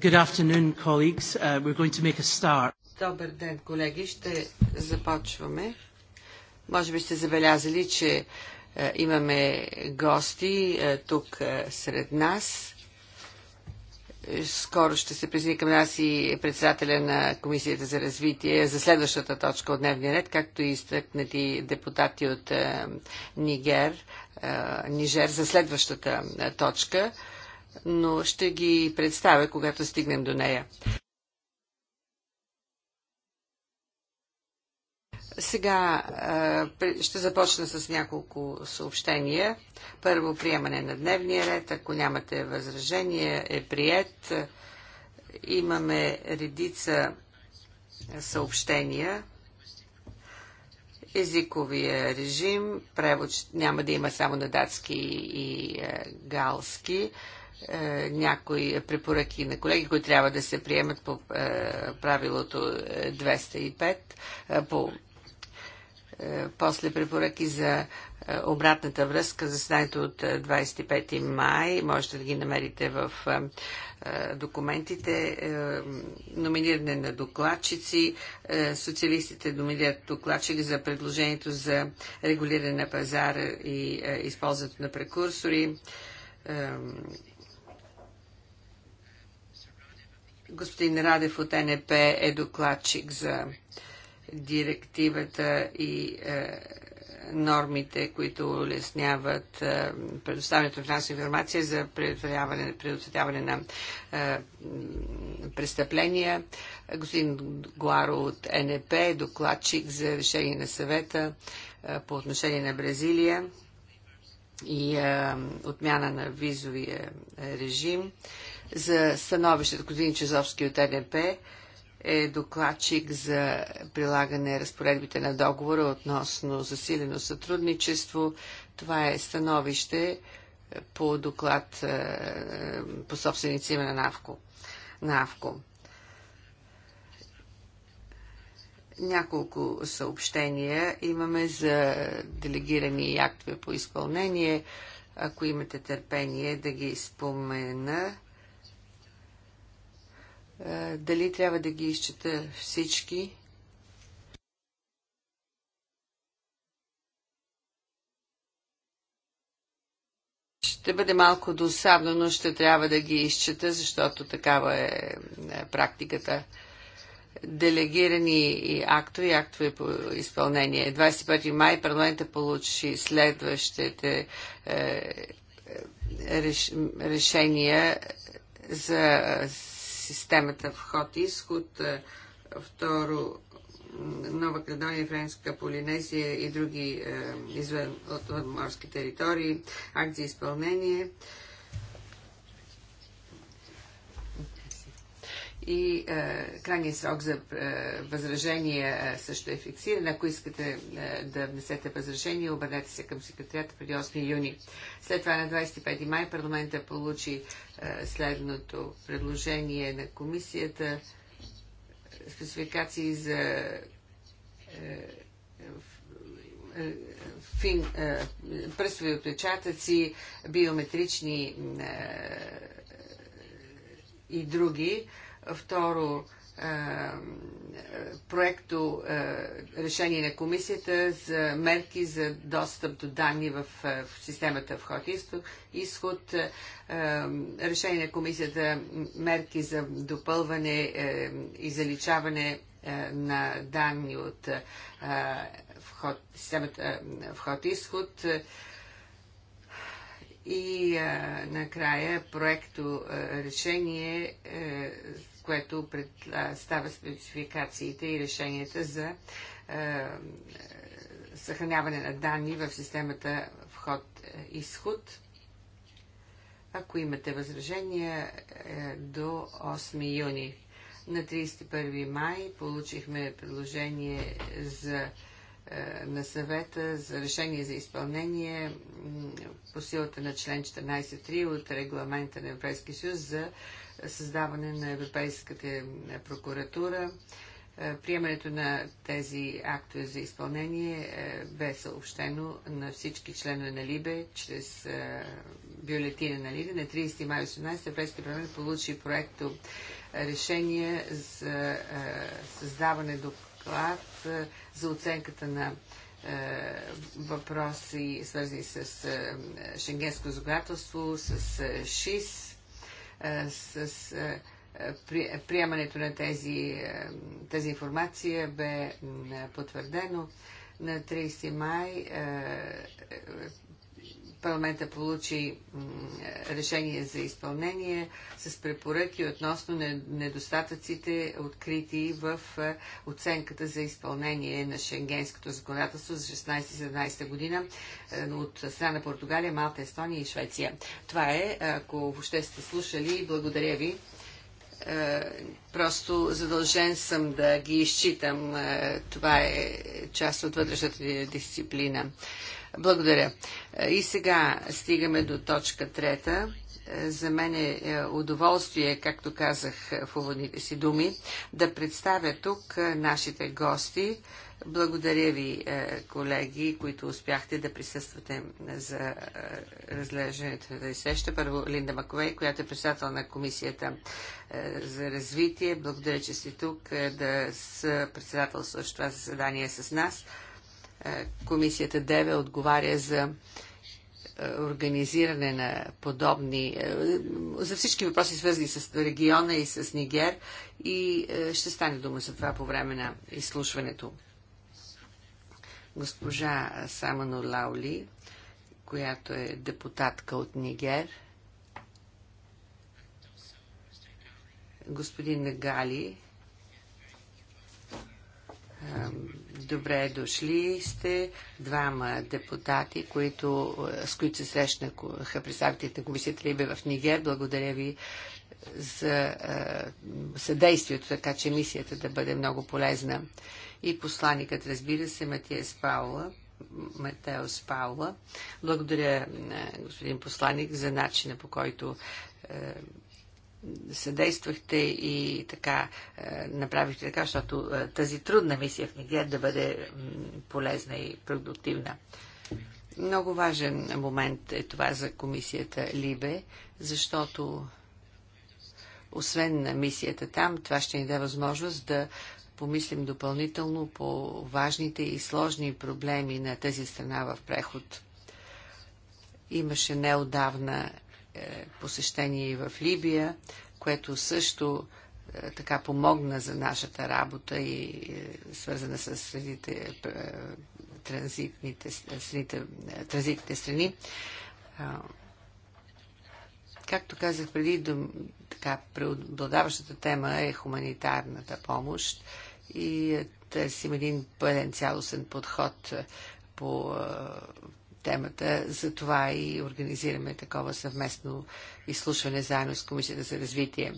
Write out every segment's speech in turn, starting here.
Good afternoon, colleagues. Uh, we're going to make a start. Добър ден, колеги. Ще започваме. Може би сте забелязали, че е, имаме гости е, тук е, сред нас. Скоро ще се призни към нас и председателя на Комисията за развитие за следващата точка от дневния ред, както и изтъкнати депутати от Нигер, Нижер за следващата точка но ще ги представя, когато стигнем до нея. Сега ще започна с няколко съобщения. Първо приемане на дневния ред. Ако нямате възражение, е прият. Имаме редица съобщения. Езиковия режим. Превод няма да има само на датски и е, галски. Е, някои препоръки на колеги, които трябва да се приемат по е, правилото 205, е, по после препоръки за обратната връзка, за заседанието от 25 май. Можете да ги намерите в документите. Номиниране на докладчици. Социалистите номинират докладчик за предложението за регулиране на пазара и използването на прекурсори Господин Радев от НП е докладчик за директивата и е, нормите, които улесняват е, предоставянето на финансова информация за предотвратяване, предотвратяване на е, престъпления. Господин Гуаро от НЕП е докладчик за решение на съвета е, по отношение на Бразилия и е, отмяна на визовия режим. Е, за становището Кодин Чезовски от ЕДП е докладчик за прилагане разпоредбите на договора относно засилено сътрудничество. Това е становище по доклад е, по собственици на НАВКО. НАВКО. Няколко съобщения имаме за делегирани актове по изпълнение. Ако имате търпение да ги спомена, е, дали трябва да ги изчета всички? Ще бъде малко досадно, но ще трябва да ги изчета, защото такава е, е практиката. Делегирани актове и актове по изпълнение. 25 май парламента получи следващите е, е реш, решения за системата вход-изход, е, второ Нова Кредония, Френска Полинезия и други е, извън от, от морски територии, акт за изпълнение, и е, крайният срок за е, възражение също е фиксиран. Ако искате е, да внесете възражение, обърнете се към секретарията преди 8 юни. След това на 25 май парламента получи е, следното предложение на комисията спецификации за пръстови отпечатъци, биометрични и други. Второ, е, проекто е, решение на комисията за мерки за достъп до данни в, е, в системата вход изход, решение на комисията мерки за допълване и заличаване на данни от вход, системата вход-изход, и а, накрая проекто а, решение, а, което представя спецификациите и решенията за а, съхраняване на данни в системата вход-изход. Ако имате възражения а, е, до 8 юни. На 31 май получихме предложение за е, на съвета за решение за изпълнение по силата на член 14.3 от регламента на Европейския съюз за създаване на Европейската прокуратура. Е, приемането на тези актове за изпълнение е, бе съобщено на всички членове на Либе чрез бюлетина на Либе. На 30 май 18 Европейския парламент получи проекто решение за създаване доклад за оценката на е, въпроси, свързани с е, шенгенско законодателство, с е, ШИС, с приемането на тези, тази информация бе потвърдено на 30 май парламента получи решение за изпълнение с препоръки относно недостатъците, открити в е, оценката за изпълнение на шенгенското законодателство за 16-17 година е, от страна на Португалия, Малта, Естония и Швеция. Това е, ако въобще сте слушали, благодаря ви е, просто задължен съм да ги изчитам. Това е част от вътрешната дисциплина. Благодаря. Е, и сега стигаме до точка трета. Е, за мен е, е удоволствие, както казах в уводните си думи, да представя тук нашите гости. Благодаря ви, колеги, които успяхте да присъствате за разглеждането на изсеща. среща. Първо Линда Маковей, която е председател на Комисията за развитие. Благодаря, че сте тук да са председател също това заседание с нас. Е, комисията ДЕВЕ отговаря за е, организиране на подобни, е, за всички въпроси свързани с региона и с Нигер и ще стане дума за това по време на изслушването. Госпожа Самано Лаули, която е депутатка от Нигер, господин Гали, Добре дошли сте двама депутати, които, е, с които се срещнаха представителите на комисията Либе в Нигер. Благодаря ви за е, съдействието, така че мисията да бъде много полезна. И посланикът, разбира се, Матиас Паула. Матеос Паула. Благодаря, е, господин посланик, за начина по който съдействахте и така е, направихте така, защото е, тази трудна мисия в Нигер да бъде полезна и продуктивна. Много важен момент е това за комисията Либе, защото освен на мисията там, това ще ни даде възможност да помислим допълнително по важните и сложни проблеми на тази страна в преход. Имаше неодавна е, посещение и в Либия, което също е, така помогна за нашата работа и е, свързана с средите, транзитните, страните, транзитните страни. Както казах преди, така, преобладаващата тема е хуманитарната помощ и търсим един пълен цялостен подход по темата. Затова и организираме такова съвместно изслушване заедно с Комисията за развитие.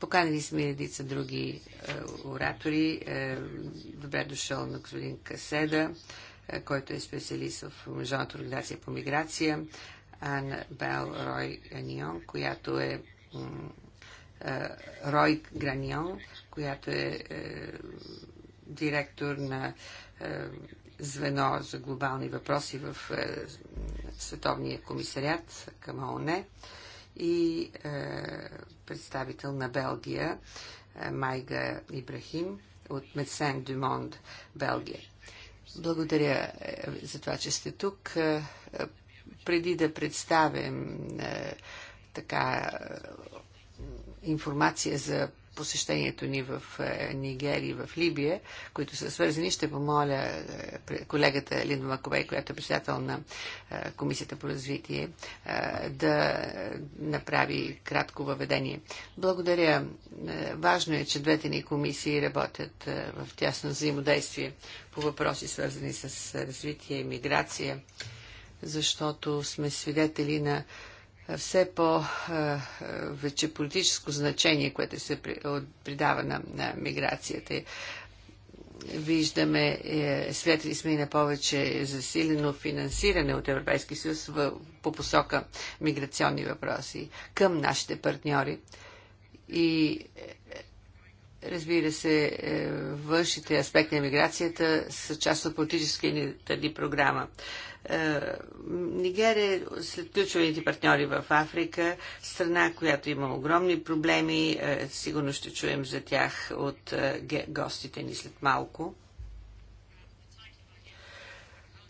Поканили сме и редица други е, оратори. Е, добре дошъл на господин Каседа, е, който е специалист в Международната организация по миграция. Ан Бел Рой Анион, която е, е Рой Граньон, която е, е директор на е, звено за глобални въпроси в е, Световния комисариат към ООН и е, представител на Белгия е, Майга Ибрахим от Медсен Дюмонд, Белгия. Благодаря за това, че сте тук. Преди да представим така информация за посещението ни в е, Нигерия и в Либия, които са свързани. Ще помоля е, колегата Линда Маковей, която е председател на е, Комисията по развитие, да направи кратко въведение. Благодаря. Важно е, че двете ни комисии работят в тясно взаимодействие по въпроси, свързани с развитие и миграция, защото сме свидетели на все по-вече политическо значение, което се придава на, на миграцията. Виждаме, е, свидетели сме и на повече засилено финансиране от Европейския съюз в, по посока миграционни въпроси към нашите партньори. И Разбира се, е, външните аспекти на миграцията са част от политическата ни програма. Нигерия е, е след ключовите партньори в Африка, страна, която има огромни проблеми. Е, сигурно ще чуем за тях от гостите ни след малко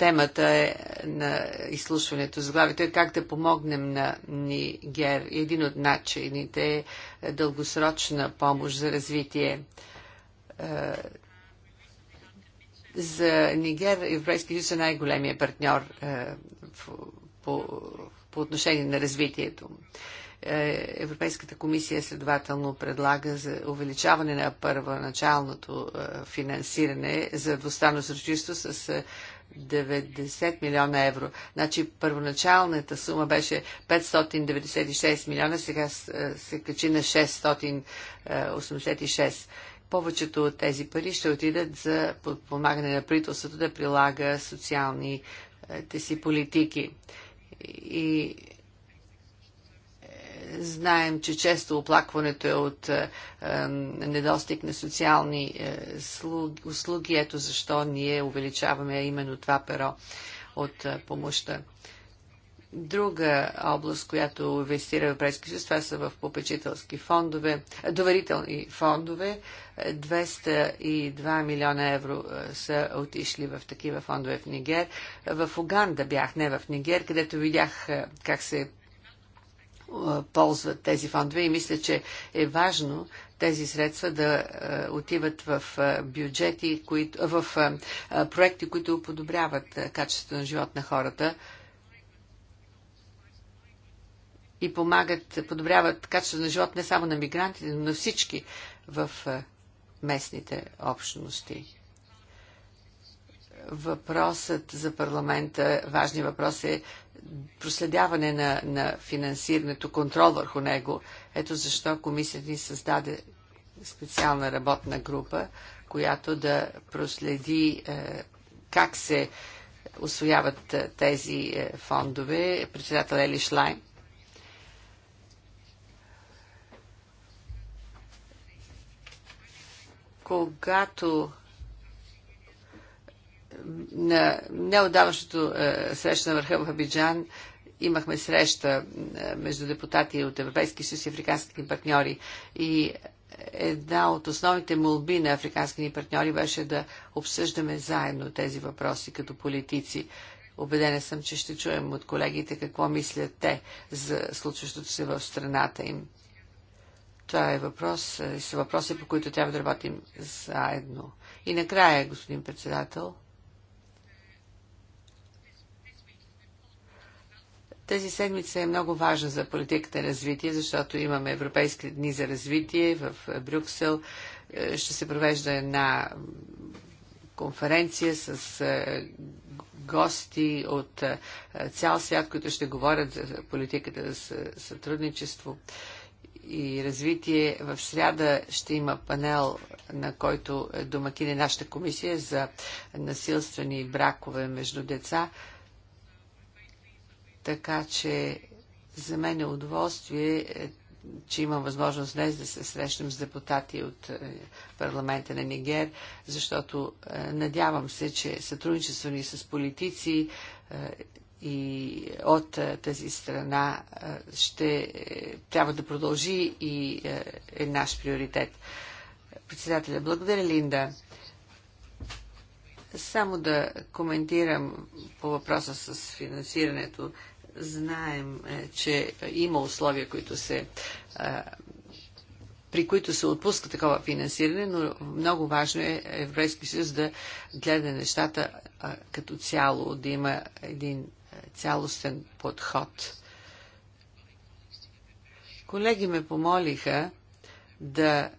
темата е на изслушването с главите е как да помогнем на Нигер. Един от начините е дългосрочна помощ за развитие. Е, за Нигер Европейския съюз е най-големия партньор е, по, по отношение на развитието. Е, Европейската комисия следователно предлага за увеличаване на първоначалното финансиране за двустранно сътрудничество с 90 милиона евро. Значи първоначалната сума беше 596 милиона, сега е, се качи на 686. Повечето от тези пари ще отидат за подпомагане на правителството да прилага социалните си политики. И Знаем, че често оплакването е от е, е недостиг на социални е, услуги. Ето защо ние увеличаваме именно това перо от е, помощта. Друга област, която инвестира Европейски съюз, това са в попечителски фондове, е, доверителни фондове. 202 е, милиона евро са отишли в такива фондове в Нигер. В Уганда бях, не в Нигер, където видях как се ползват тези фондове и мисля, че е важно тези средства да отиват в бюджети, в проекти, които подобряват качеството на живот на хората и помагат, подобряват качеството на живот не само на мигрантите, но на всички в местните общности. Въпросът за парламента, важният въпрос е проследяване на, на финансирането, контрол върху него. Ето защо комисията ни създаде специална работна група, която да проследи е, как се освояват е, тези е, фондове. Председател Ели Шлайн. Когато на неодаващото е, среща на върха в Абиджан имахме среща е, между депутати от Европейски съюз и африканските партньори и една от основните молби на африкански ни партньори беше да обсъждаме заедно тези въпроси като политици. Обедена съм, че ще чуем от колегите какво мислят те за случващото се в страната им. Това е въпрос, е, са въпроси, по които трябва да работим заедно. И накрая, господин председател, Тази седмица е много важна за политиката на развитие, защото имаме Европейски дни за развитие в е, Брюксел. Е, ще се провежда една конференция с е, гости от цял свят, които ще говорят за политиката за сътрудничество и развитие. В сряда ще има панел, на който домакин е нашата комисия за насилствени бракове между деца. Така че за мен е удоволствие, е, че имам възможност днес да се срещам с депутати от е, парламента на Нигер, защото е, надявам се, че сътрудничество ни с политици и от тази страна ще трябва да продължи и е наш приоритет. Председателя, благодаря, Линда. Само да коментирам по въпроса с финансирането. Знаем, е, че има условия, които се е, при които се отпуска такова финансиране, но много важно е Европейския съюз да гледа нещата е, като цяло, да има един цялостен подход. Колеги ме помолиха да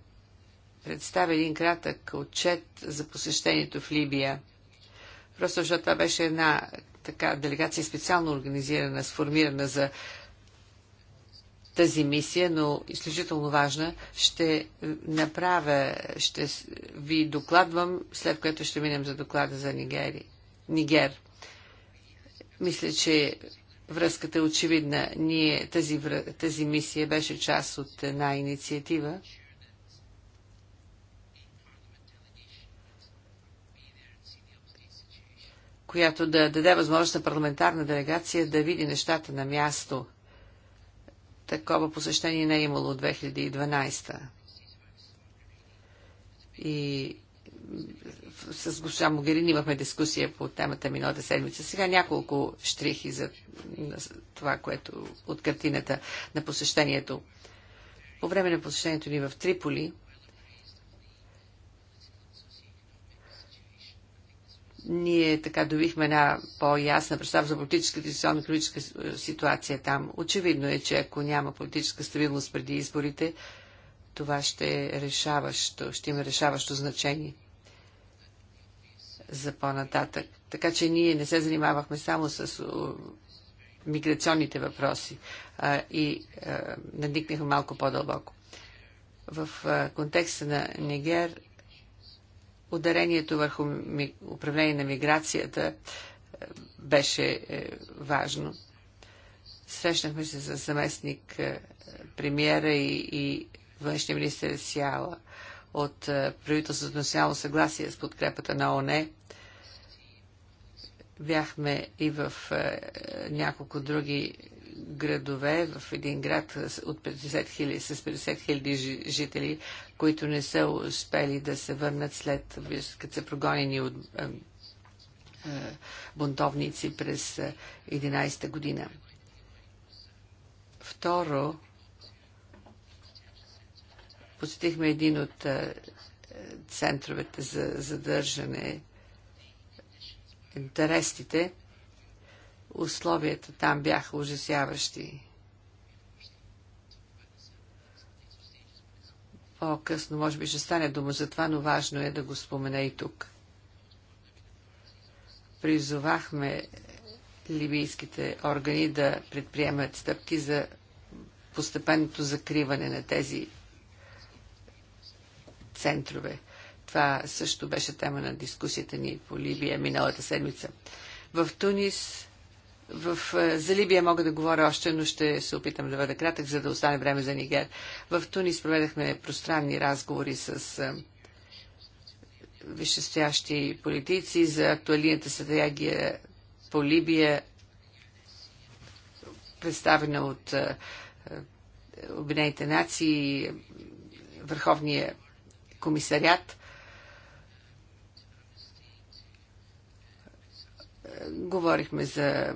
представя един кратък отчет за посещението в Либия. Просто защото това беше една така делегация специално организирана, сформирана за тази мисия, но изключително важна, ще е, направя, ще ви докладвам, след което ще минем за доклада за Нигери. Нигер. Мисля, че връзката е очевидна. Ние, тази, тази мисия беше част от една инициатива, която да даде възможност на парламентарна делегация да види нещата на място. Такова посещение не е имало от 2012. И с госпожа Могерин имахме дискусия по темата миналата седмица. Сега няколко штрихи за това, което от картината на посещението. По време на посещението ни в Триполи, ние така добихме една по-ясна представа за политическата и социално-економическа е, ситуация там. Очевидно е, че ако няма политическа стабилност преди изборите, това ще е решаващо, ще има решаващо значение за по-нататък. Така че ние не се занимавахме само с миграционните въпроси а, и а, е, надникнахме малко по-дълбоко. В а, е, контекста на Нигер ударението върху управление на миграцията е, беше е, важно. Срещнахме се с заместник е, премиера и, и външния министр Сиала от правителството на национално съгласие с подкрепата на ОНЕ. Бяхме и в няколко други градове, в един град от 50 000, с 50 хиляди жители, които не са успели да се върнат след, като са прогонени от е, е, бунтовници през 11-та година. Второ, посетихме един от е, центровете за задържане, интересите, условията там бяха ужасяващи. По-късно, може би, ще стане дума за това, но важно е да го спомена и тук. Призовахме либийските органи да предприемат стъпки за постепенното закриване на тези центрове. Това също беше тема на дискусията ни по Либия миналата седмица. В Тунис в, е, за Либия мога да говоря още, но ще се опитам да бъда кратък, за да остане време за Нигер. В Тунис проведахме пространни разговори с е, висшестоящи политици за актуалната стратегия по Либия, представена от е, Обединените нации, Върховния комисарят. Говорихме за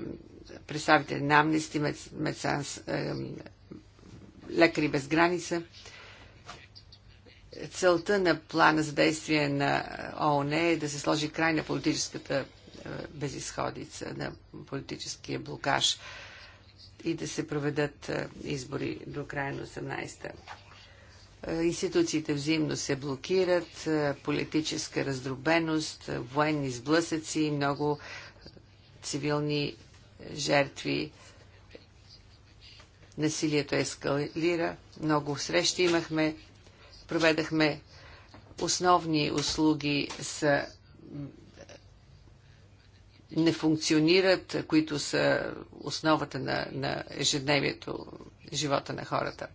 представители на Амнести, Медсанс, Лекари без граница. Целта на плана за действие на ООН е да се сложи край на политическата е, безисходица, на политическия блокаж и да се проведат е, избори до края на 18-та. Е, институциите взаимно се блокират, политическа раздробеност, военни сблъсъци, много цивилни жертви. Насилието ескалира. Много срещи имахме. Проведахме основни услуги с не функционират, които са основата на, на ежедневието, живота на хората.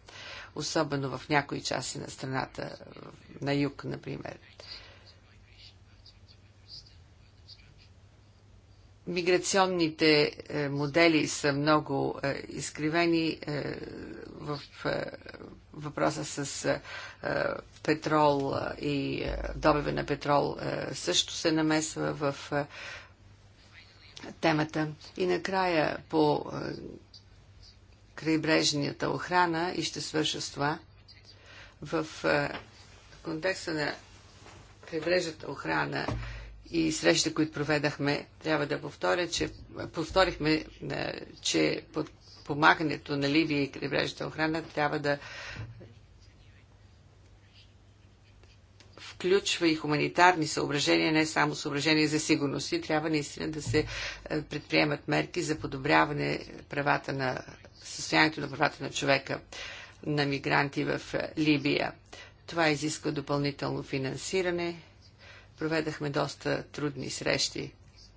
Особено в някои части на страната, на юг, например. Миграционните е, модели са много е, изкривени е, в въпроса с петрол и добива на петрол също се намесва в темата. И накрая по крайбрежната охрана и ще свърша с това. В контекста на крайбрежната охрана и среща, които проведахме, трябва да повторя, че повторихме, е, че под помагането на Ливия и крайбрежната охрана трябва да включва и хуманитарни съображения, не само съображения за сигурност. И трябва наистина да се е, предприемат мерки за подобряване правата на състоянието на правата на човека на мигранти в е, Либия. Това изисква допълнително финансиране, Проведахме доста трудни срещи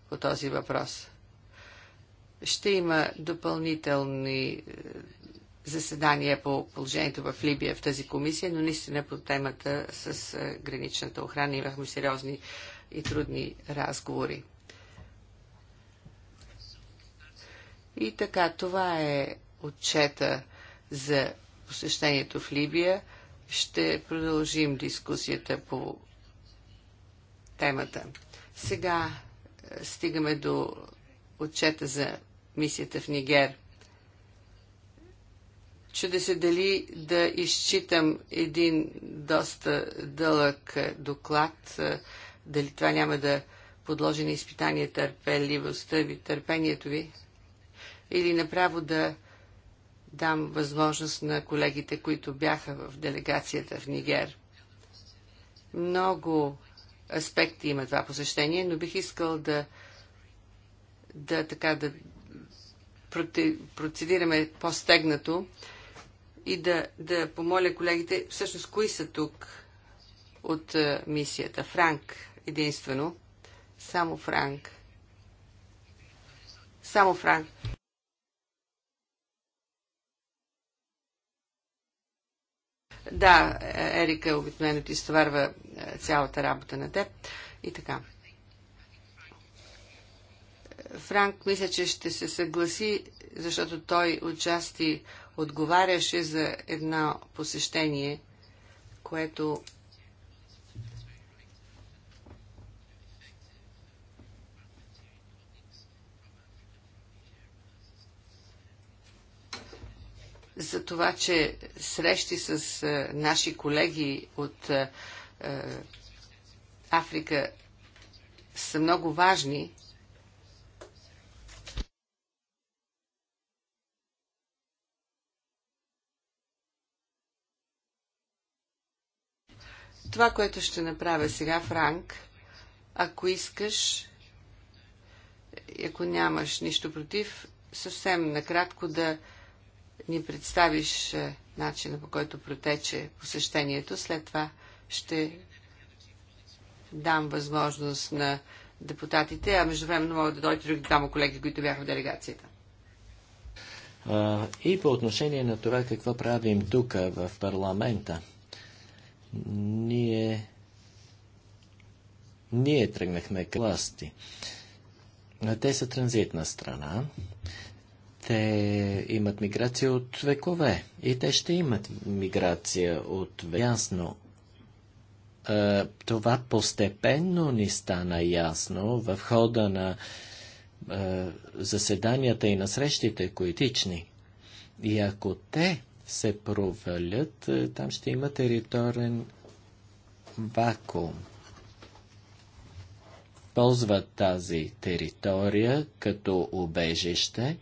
по този въпрос. Ще има допълнителни е, заседания по положението в Либия в тази комисия, но наистина по темата с е, граничната охрана имахме сериозни и трудни разговори. И така, това е отчета за посещението в Либия. Ще продължим дискусията по темата. Сега е, стигаме до отчета за мисията в Нигер. Чуде се дали да изчитам един доста дълъг е, доклад, е, дали това няма да подложи на изпитание търпеливостта ви, търпението ви, или направо да дам възможност на колегите, които бяха в делегацията в Нигер. Много аспекти има това посещение, но бих искал да, да така да процедираме по-стегнато и да, да помоля колегите, всъщност, кои са тук от мисията? Франк единствено. Само Франк. Само Франк. Да, е, Ерика обикновено ти изтоварва цялата работа на теб и така. Франк мисля, че ще се съгласи, защото той отчасти отговаряше за едно посещение, което за това, че срещи с е, наши колеги от е, е, Африка са много важни. Това, което ще направя сега, Франк, ако искаш, ако нямаш нищо против, съвсем накратко да ни представиш е, начина по който протече посещението. След това ще дам възможност на депутатите, а междувременно могат да дойдат други двама колеги, които бяха в делегацията. А, и по отношение на това какво правим тук в парламента, ние, ние тръгнахме към власти. Те са транзитна страна. Те имат миграция от векове. И те ще имат миграция от векове. Ясно е, това постепенно ни стана ясно в хода на е, заседанията и на срещите коетични. И ако те се провалят, е, там ще има територен вакуум. Ползват тази територия като убежище,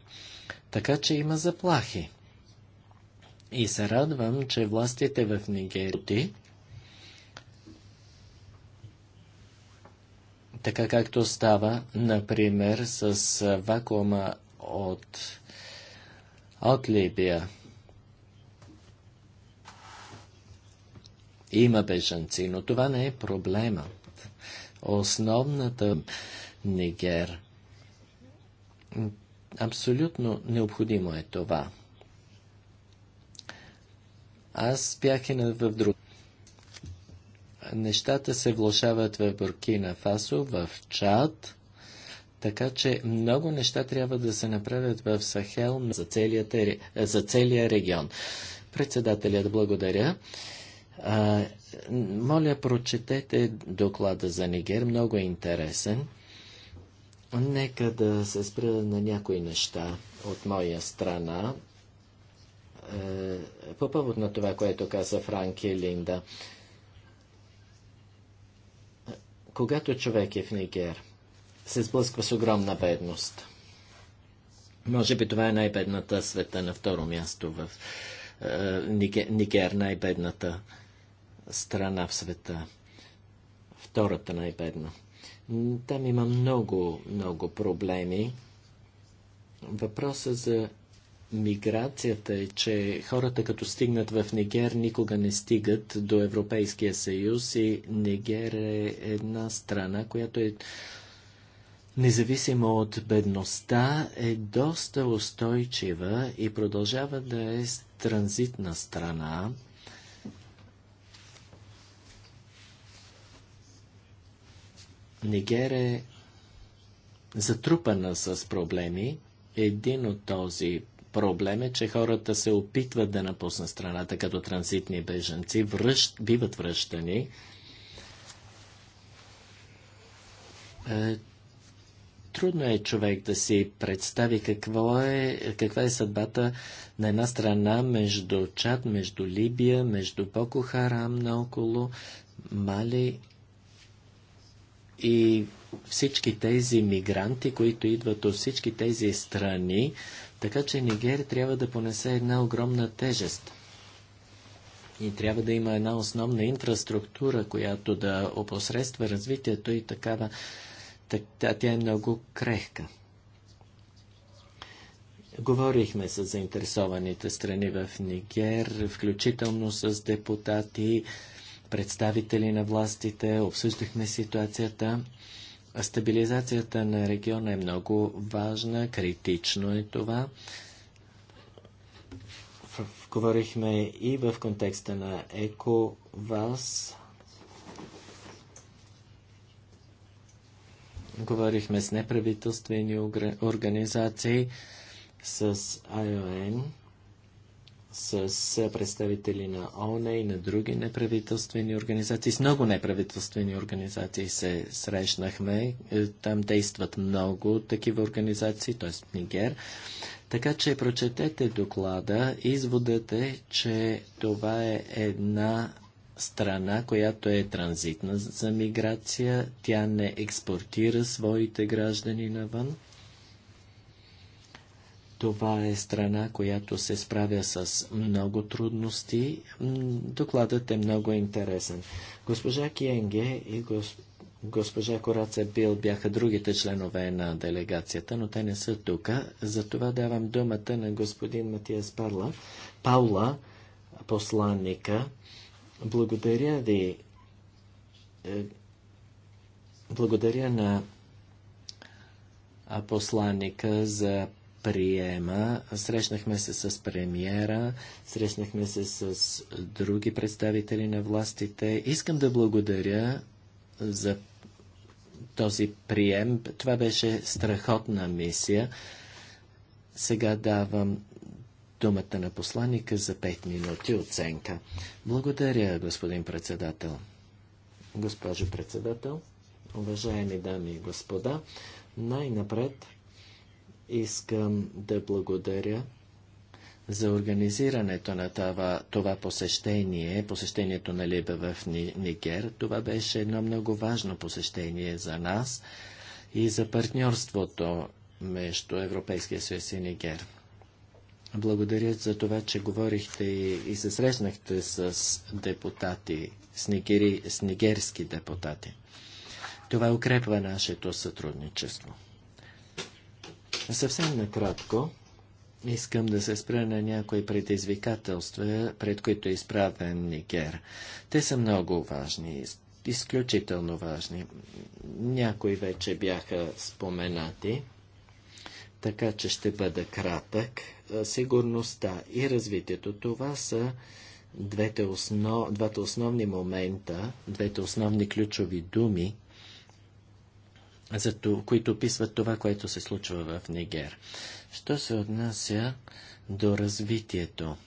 така че има заплахи. И се радвам, че властите в Нигерия така както става, например, с вакуума от, от Либия. Има бежанци, но това не е проблемът. Основната Нигер. Абсолютно необходимо е това. Аз бях и в друг. Нещата се влушават в Буркина Фасо, в Чад, така че много неща трябва да се направят в Сахел за целия, за целият регион. Председателят, благодаря. А, моля, прочетете доклада за Нигер, много е интересен. Нека да се спра на някои неща от моя страна. Е, по повод на това, което каза Франки и Линда когато човек е в Нигер, се сблъсква с огромна бедност. Може би това е най-бедната света на второ място в е, Нигер, най-бедната страна в света. Втората най-бедна. Там има много, много проблеми. Въпросът за миграцията е, че хората като стигнат в Нигер никога не стигат до Европейския съюз и Нигер е една страна, която е независимо от бедността, е доста устойчива и продължава да е транзитна страна. Нигер е затрупана с проблеми. Един от този Проблем е, че хората се опитват да напуснат страната като транзитни беженци, връщ, биват връщани. Е, трудно е човек да си представи какво е, каква е съдбата на една страна между Чад, между Либия, между Боко Харам наоколо, Мали и всички тези мигранти, които идват от всички тези страни, така че Нигер трябва да понесе една огромна тежест. И трябва да има една основна инфраструктура, която да опосредства развитието и такава. Так, тя е много крехка. Говорихме с заинтересованите страни в Нигер, включително с депутати, представители на властите, обсъждахме ситуацията. Стабилизацията на региона е много важна, критично е това. Говорихме и в контекста на ЕКОВАС. Говорихме с неправителствени организации, с АОН с представители на ОНЕ и на други неправителствени организации. С много неправителствени организации се срещнахме. Е, там действат много такива организации, т.е. Нигер. Така че прочетете доклада. Изводът е, че това е една страна, която е транзитна за миграция. Тя не експортира своите граждани навън. Това е страна, която се справя с много трудности. Докладът е много интересен. Госпожа Киенге и госпожа Кораца Бил бяха другите членове на делегацията, но те не са тук. Затова давам думата на господин Матиас Парла, Паула, посланника. Благодаря ви. Е, благодаря на посланника за приема. Срещнахме се с премиера, срещнахме се с други представители на властите. Искам да благодаря за този прием. Това беше страхотна мисия. Сега давам думата на посланника за 5 минути оценка. Благодаря, господин председател. Госпожо председател, уважаеми дами и господа, най-напред Искам да благодаря за организирането на това, това посещение, посещението на Либе в Нигер. Това беше едно много важно посещение за нас и за партньорството между Европейския съюз и Нигер. Благодаря за това, че говорихте и, и се срещнахте с депутати, с, нигери, с нигерски депутати. Това укрепва нашето сътрудничество. Съвсем накратко искам да се спра на някои предизвикателства, пред които е изправен Нигер. Те са много важни, изключително важни. Някои вече бяха споменати, така че ще бъда кратък. Сигурността и развитието, това са двете основ... двата основни момента, двете основни ключови думи, за които описват това, което се случва в Нигер. Що се отнася до развитието?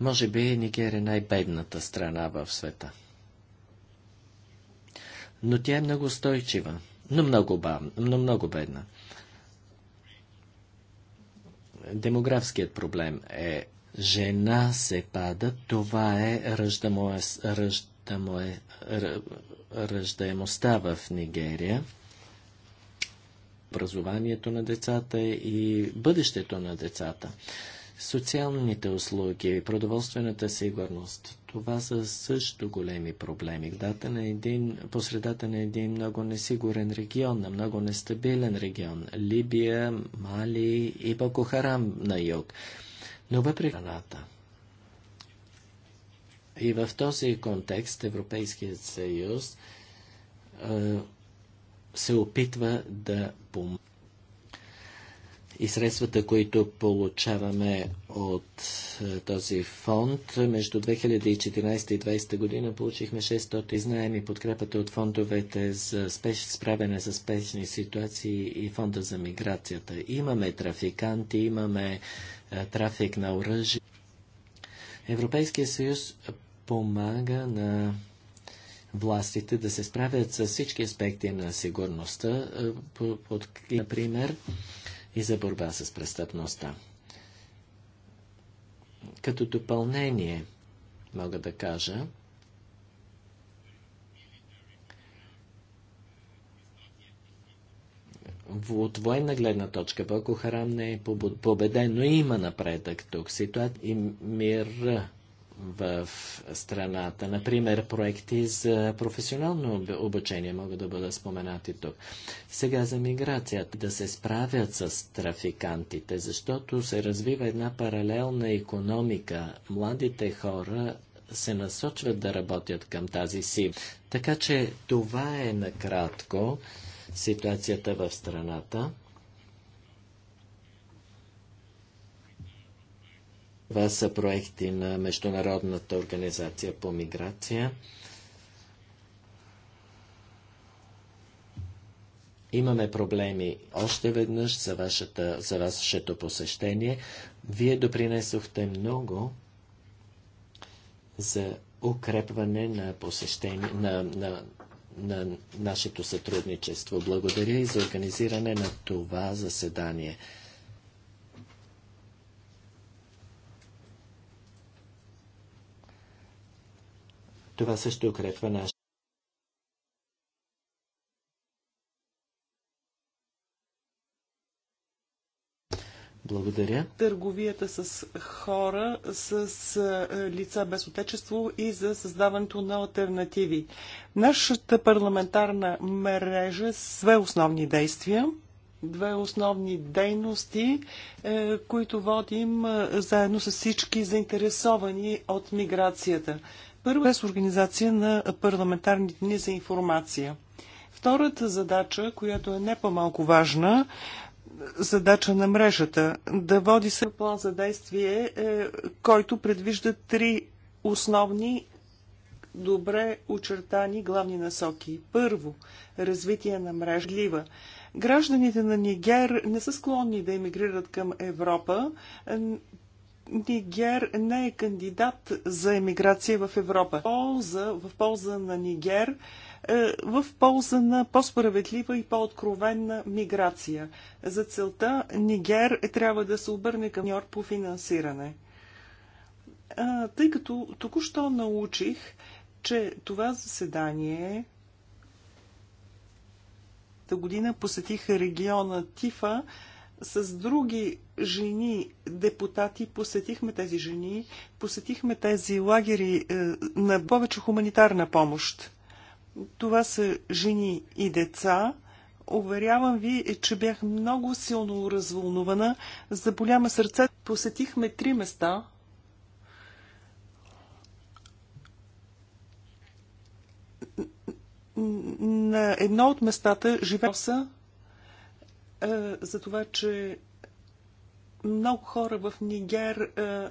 Може би Нигер е най-бедната страна в света. Но тя е много устойчива, но много, бавна, но много бедна. Демографският проблем е жена се пада, това е ръждаемо, ръж, Та му е ръждаемостта в Нигерия, образованието на децата и бъдещето на децата. Социалните услуги, продоволствената сигурност, това са също големи проблеми. Дата на един, посредата на един много несигурен регион, на много нестабилен регион. Либия, Мали и Бокохарам на юг. Но въпреки страната, и в този контекст Европейският съюз е, се опитва да помогне. И средствата, които получаваме от този фонд, между 2014 и 2020 година получихме 600 знаеми подкрепата от фондовете за спеш... справяне с спешни ситуации и фонда за миграцията. Имаме трафиканти, имаме трафик на оръжие. Европейския съюз помага на властите да се справят с всички аспекти на сигурността, е, под, например, и за борба с престъпността. Като допълнение мога да кажа, от военна гледна точка Боко Харам не е победен, но има напредък тук. Ситуация и мир в страната. Например, проекти за професионално обучение могат да бъдат споменати тук. Сега за миграцията. Да се справят с трафикантите, защото се развива една паралелна економика. Младите хора се насочват да работят към тази си. Така че това е накратко ситуацията в страната. Това са проекти на Международната организация по миграция. Имаме проблеми още веднъж за, вашата, за вашето посещение. Вие допринесохте много за укрепване на, посещение, на, на, на нашето сътрудничество. Благодаря и за организиране на това заседание. Това също укрепва нашия Благодаря. Търговията с хора, с лица без отечество и за създаването на альтернативи. Нашата парламентарна мрежа с две основни действия, две основни дейности, е, които водим е, заедно с всички заинтересовани от миграцията. Първа е с организация на парламентарни дни за информация. Втората задача, която е не по-малко важна, задача на мрежата да води се план за действие, е, който предвижда три основни добре очертани главни насоки. Първо, развитие на мрежлива. Гражданите на Нигер не са склонни да емигрират към Европа Нигер не е кандидат за емиграция в Европа. Полза, в полза на Нигер, е, в полза на по-справедлива и по-откровенна миграция. За целта Нигер трябва да се обърне към Ньор по финансиране. Тъй като току-що научих, че това заседание година посетиха региона Тифа, с други жени депутати посетихме тези жени, посетихме тези лагери е, на повече хуманитарна помощ. Това са жени и деца. Уверявам ви, е, че бях много силно развълнувана. Заболя ме сърце. Посетихме три места. На едно от местата живееха е, за това, че много хора в Нигер е,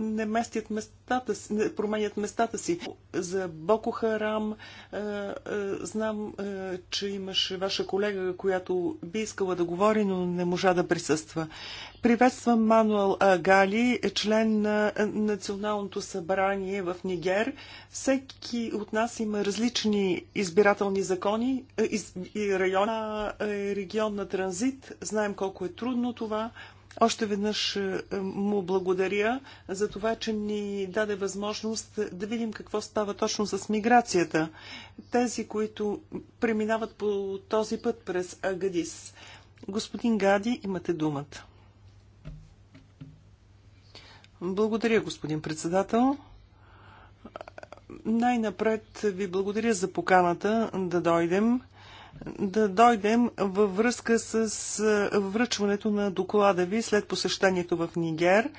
не местят местата си, не променят местата си. За Боко Харам е, е, знам, е, че имаше ваша колега, която би искала да говори, но не можа да присъства. Приветствам Мануел Гали, член на Националното събрание в Нигер. Всеки от нас има различни избирателни закони е, из, и района, е, регион на транзит. Знаем колко е трудно това. Още веднъж е, е, му благодаря за това, че ни даде възможност да видим какво става точно с миграцията. Тези, които преминават по този път през Агадис. Господин Гади, имате думата. Благодаря, господин председател. Най-напред ви благодаря за поканата да дойдем да дойдем във връзка с връчването на доклада ви след посещението в Нигер.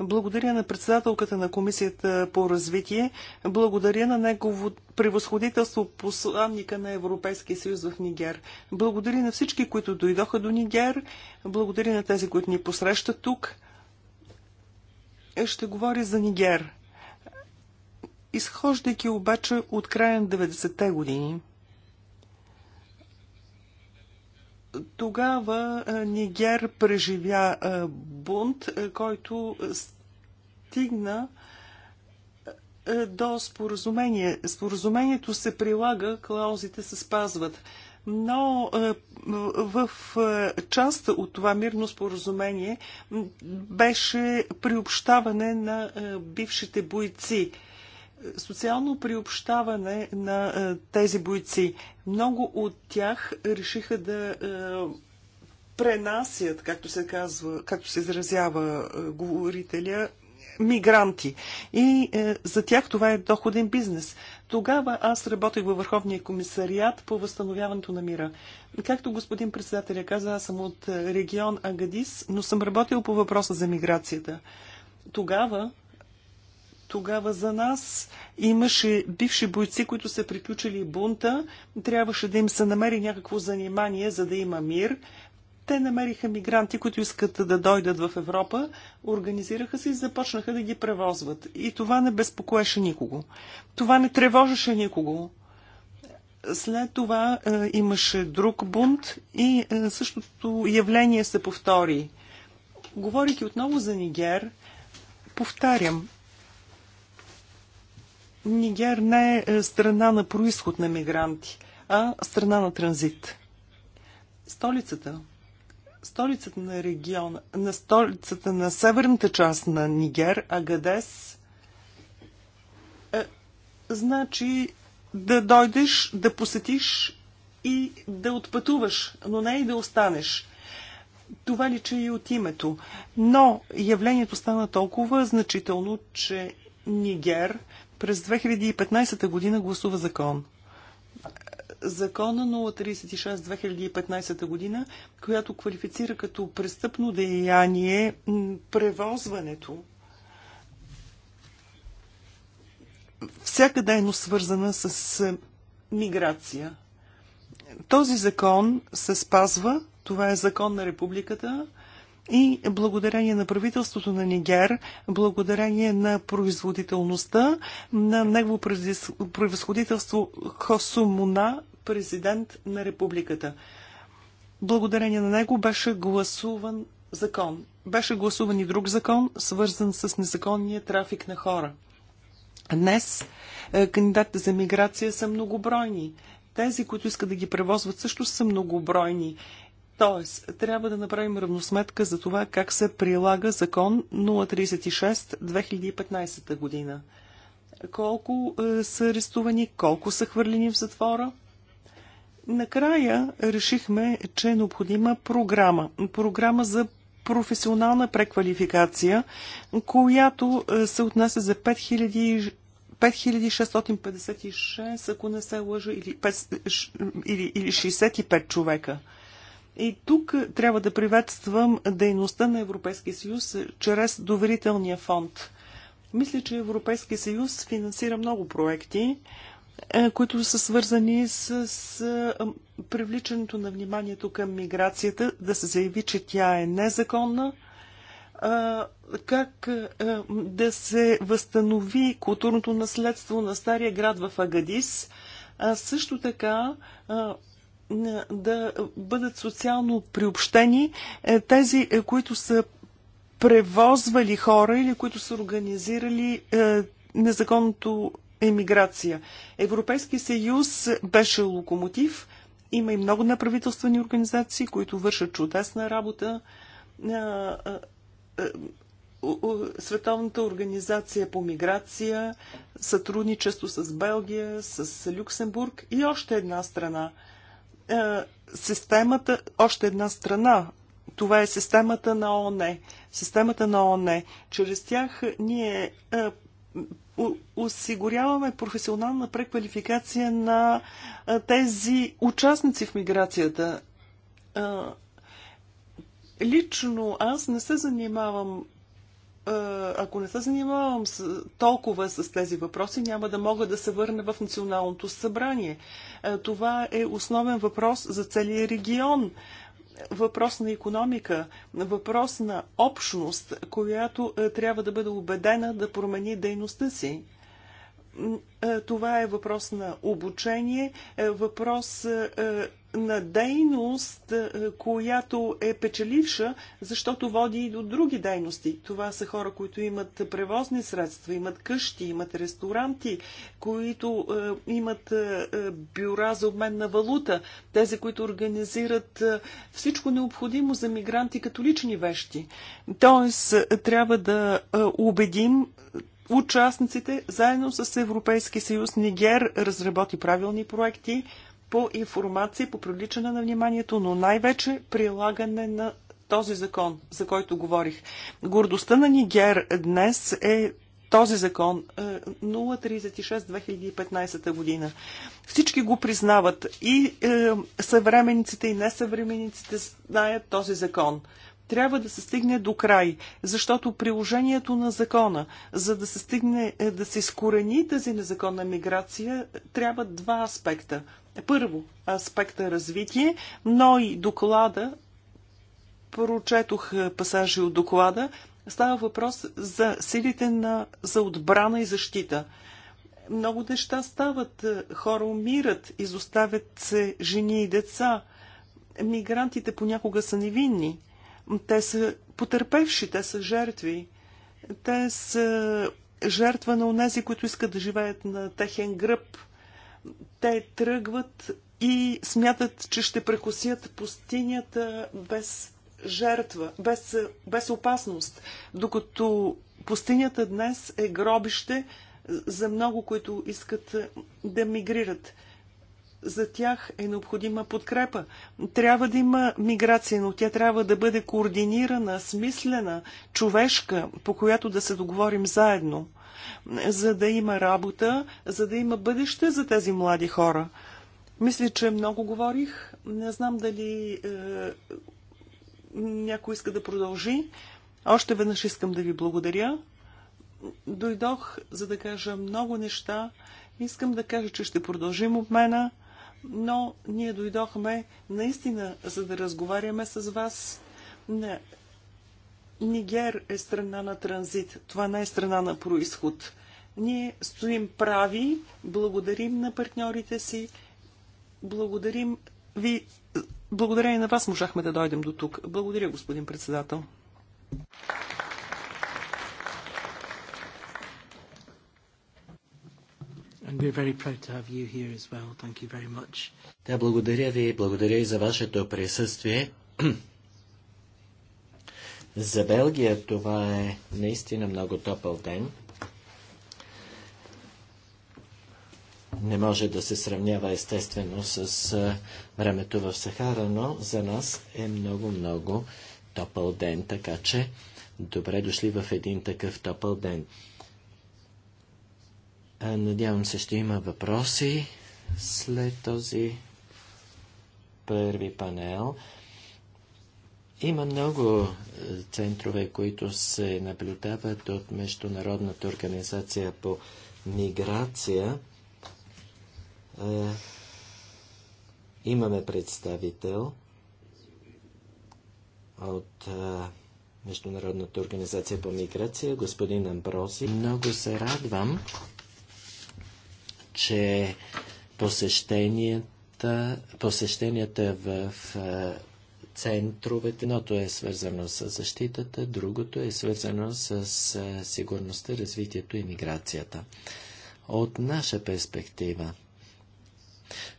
Благодаря на председателката на Комисията по развитие. Благодаря на негово превъзходителство посланника на Европейския съюз в Нигер. Благодаря на всички, които дойдоха до Нигер. Благодаря на тези, които ни посрещат тук. Ще говоря за Нигер. Изхождайки обаче от края на 90-те години, Тогава Нигер преживя бунт, който стигна до споразумение. Споразумението се прилага, клаузите се спазват. Но в част от това мирно споразумение беше приобщаване на бившите бойци социално приобщаване на е, тези бойци. Много от тях решиха да е, пренасят, както се казва, както се изразява е, говорителя, мигранти. И е, за тях това е доходен бизнес. Тогава аз работех във Върховния комисариат по възстановяването на мира. Както господин председателя каза, аз съм от регион Агадис, но съм работил по въпроса за миграцията. Тогава тогава за нас имаше бивши бойци, които са приключили бунта. Трябваше да им се намери някакво занимание, за да има мир. Те намериха мигранти, които искат да дойдат в Европа, организираха се и започнаха да ги превозват. И това не безпокоеше никого. Това не тревожеше никого. След това е, имаше друг бунт и е, същото явление се повтори. Говорики отново за Нигер, повтарям, Нигер не е, е страна на происход на мигранти, а страна на транзит. Столицата столицата на региона, на столицата на северната част на Нигер, Агадес, е, значи да дойдеш, да посетиш и да отпътуваш, но не и да останеш. Това личи и от името. Но явлението стана толкова значително, че Нигер през 2015 година гласува закон. Закона 036-2015 година, която квалифицира като престъпно деяние превозването. Всяка дейност свързана с миграция. Този закон се спазва. Това е закон на републиката и благодарение на правителството на Нигер, благодарение на производителността на негово превъзходителство Хосумуна, президент на републиката. Благодарение на него беше гласуван закон. Беше гласуван и друг закон, свързан с незаконния трафик на хора. Днес е, кандидатите за миграция са многобройни. Тези, които искат да ги превозват, също са многобройни. Тоест, трябва да направим равносметка за това как се прилага закон 036-2015 година. Колко е, са арестувани, колко са хвърлени в затвора? Накрая решихме, че е необходима програма. Програма за професионална преквалификация, която е, се отнася за 5000 5656, ако не се лъжа, или, 5, или, или 65 човека. И тук трябва да приветствам дейността на Европейския съюз чрез доверителния фонд. Мисля, че Европейския съюз финансира много проекти, е, които са свързани с, с е, привличането на вниманието към миграцията, да се заяви, че тя е незаконна, е, как да се възстанови културното наследство на Стария град в Агадис, а също така е, да бъдат социално приобщени е, тези, е, които са превозвали хора или които са организирали незаконното емиграция. Европейски съюз беше локомотив. Има и много неправителствени организации, които вършат чудесна работа. Световната организация по миграция, сътрудничество с Белгия, с Люксембург и още една страна – е, системата, още една страна, това е системата на ООН. Системата на ОНЕ. Чрез тях ние е, осигуряваме професионална преквалификация на е, тези участници в миграцията. Е, лично аз не се занимавам е, ако не се занимавам с, толкова с тези въпроси, няма да мога да се върна в Националното събрание. Е, това е основен въпрос за целия регион. Въпрос на економика, въпрос на общност, която е, трябва да бъде убедена да промени дейността си. Това е въпрос на обучение, въпрос на дейност, е, която е печеливша, защото води и до други дейности. Това са хора, които имат превозни средства, имат къщи, имат ресторанти, които е, имат е, е бюра за обмен на валута, тези, които организират е, всичко необходимо за мигранти като лични вещи. Тоест, е, трябва да убедим участниците, заедно с Европейски съюз, Нигер разработи правилни проекти, по информация, по привличане на вниманието, но най-вече прилагане на този закон, за който говорих. Гордостта на Нигер днес е този закон 036-2015 е, година. Всички го признават и е, съвременниците и несъвременниците знаят този закон трябва да се стигне до край, защото приложението на закона, за да се стигне, е, да се изкорени тази незаконна миграция, трябва два аспекта. Първо, аспекта развитие, но и доклада, прочетох е, пасажи от доклада, става въпрос за силите на, за отбрана и защита много неща стават. Е, хора умират, изоставят се жени и деца. Мигрантите понякога са невинни. Те са потърпевши, те са жертви. Те са жертва на онези, които искат да живеят на техен гръб. Те тръгват и смятат, че ще прекосят пустинята без жертва, без, без опасност. Докато пустинята днес е гробище за много, които искат да мигрират за тях е необходима подкрепа. Трябва да има миграция, но тя трябва да бъде координирана, смислена, човешка, по която да се договорим заедно, за да има работа, за да има бъдеще за тези млади хора. Мисля, че много говорих. Не знам дали е, някой иска да продължи. Още веднъж искам да ви благодаря. Дойдох, за да кажа много неща. Искам да кажа, че ще продължим обмена но ние дойдохме наистина за да разговаряме с вас. Не. Нигер е страна на транзит. Това не е страна на происход. Ние стоим прави, благодарим на партньорите си, благодарим ви. Благодарение на вас можахме да дойдем до тук. Благодаря, господин председател. Да, благодаря ви и благодаря и за вашето присъствие. за Белгия това е наистина много топъл ден. Не може да се сравнява естествено с времето в Сахара, но за нас е много-много топъл ден, така че добре дошли в един такъв топъл ден. Надявам се, ще има въпроси след този първи панел. Има много е, центрове, които се наблюдават от Международната организация по миграция. Е, имаме представител от е, Международната организация по миграция, господин Амброси. Много се радвам, че посещенията, посещенията в центровете. Едното е свързано с защитата, другото е свързано с сигурността, развитието и миграцията. От наша перспектива,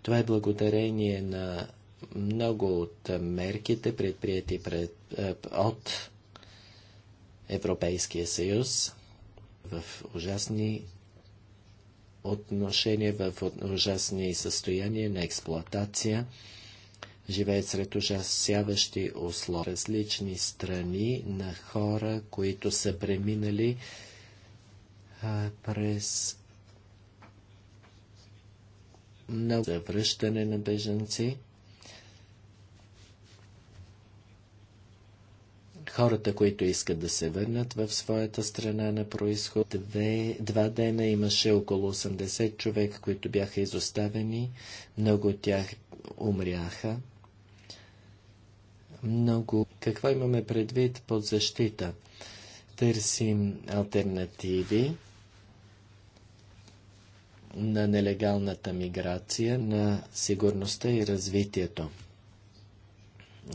това е благодарение на много от мерките, предприяти пред, от Европейския съюз в ужасни отношение в ужасни състояния на експлоатация, живеят сред ужасяващи условия. Различни страни на хора, които са преминали а, през на завръщане на бежанци. хората, които искат да се върнат в своята страна на происход. Две, два дена имаше около 80 човека, които бяха изоставени. Много от тях умряха. Много. Какво имаме предвид под защита? Търсим альтернативи на нелегалната миграция, на сигурността и развитието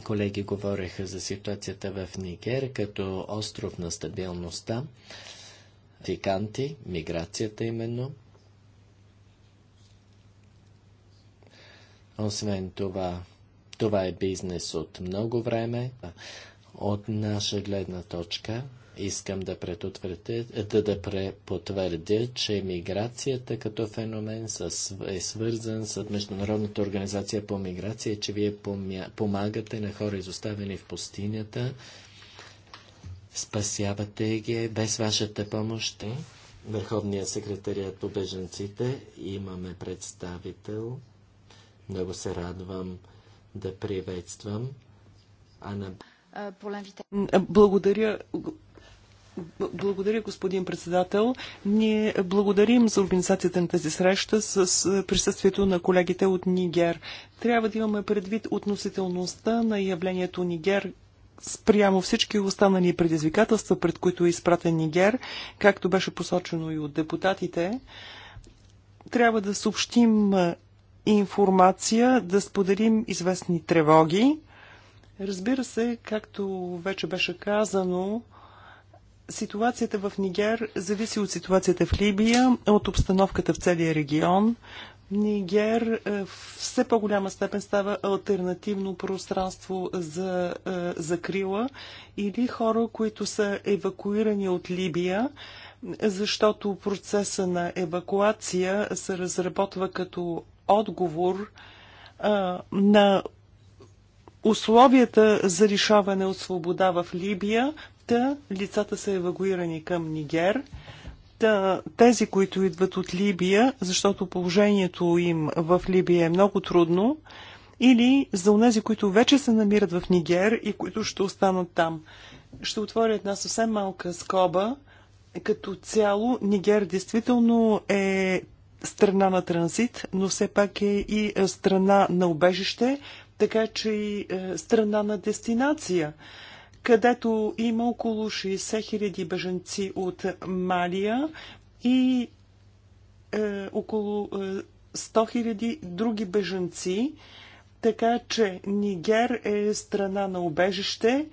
колеги говориха за ситуацията в Нигер като остров на стабилността, фиканти, миграцията именно. Освен това, това е бизнес от много време. От наша гледна точка, Искам да, да, да препотвърдя, че миграцията като феномен е свързан с Международната организация по миграция че вие помагате на хора изоставени в пустинята, спасявате ги. Без вашата помощ, е, Върховният секретарият по беженците, имаме представител. Много се радвам да приветствам. Ана. Благодаря, благодаря, господин председател. Ние благодарим за организацията на тази среща с присъствието на колегите от Нигер. Трябва да имаме предвид относителността на явлението Нигер спрямо всички останали предизвикателства, пред които е изпратен Нигер, както беше посочено и от депутатите. Трябва да съобщим информация, да споделим известни тревоги. Разбира се, както вече беше казано, Ситуацията в Нигер зависи от ситуацията в Либия, от обстановката в целия регион. Нигер е, в все по-голяма степен става альтернативно пространство за е, закрила или хора, които са евакуирани от Либия, защото процеса на евакуация се разработва като отговор е, на условията за решаване от свобода в Либия, Та лицата са евакуирани към Нигер. Та, тези, които идват от Либия, защото положението им в Либия е много трудно, или за онези, които вече се намират в Нигер и които ще останат там. Ще отворя една съвсем малка скоба. Като цяло, Нигер действително е страна на транзит, но все пак е и е, страна на убежище, така че и е, страна на дестинация където има около 60 000 беженци от Малия и е, около 100 е, 000 други беженци. Така че Нигер е страна на обежище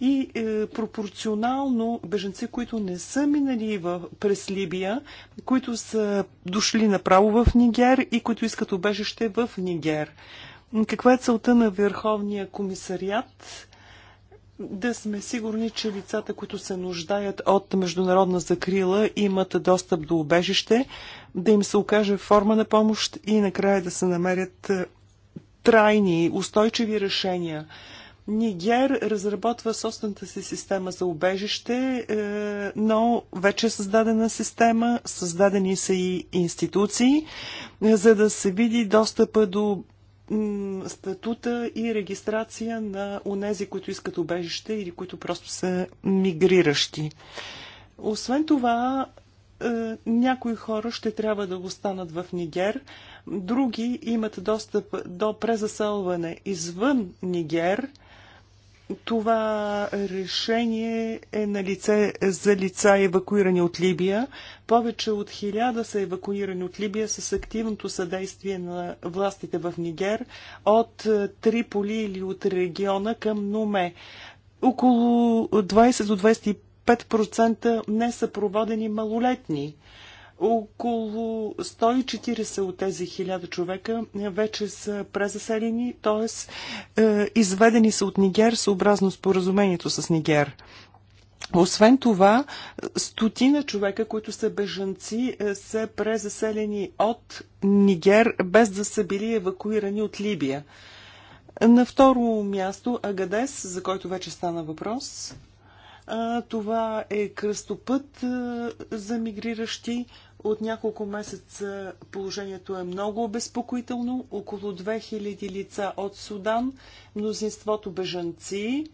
и е, пропорционално беженци, които не са минали в, през Либия, които са дошли направо в Нигер и които искат обежище в Нигер. Каква е целта на Върховния комисариат? да сме сигурни, че лицата, които се нуждаят от международна закрила, имат достъп до убежище, да им се окаже форма на помощ и накрая да се намерят е, трайни, устойчиви решения. Нигер разработва собствената си система за убежище, е, но вече е създадена система, създадени са и институции, е, за да се види достъпа до статута и регистрация на онези, които искат убежище или които просто са мигриращи. Освен това, е, някои хора ще трябва да останат в Нигер, други имат достъп до презаселване извън Нигер – това решение е на лице за лица евакуирани от Либия. Повече от хиляда са евакуирани от Либия с активното съдействие на властите в Нигер от е, Триполи или от региона към НОМЕ. Около 20 до 25% не са проводени малолетни. Около 140 от тези 1000 човека вече са презаселени, т.е. Е, изведени са от Нигер съобразно споразумението с Нигер. Освен това, стотина човека, които са бежанци, е, са презаселени от Нигер, без да са били евакуирани от Либия. На второ място Агадес, за който вече стана въпрос. Това е кръстопът за мигриращи. От няколко месеца положението е много обезпокоително. Около 2000 лица от Судан, мнозинството бежанци,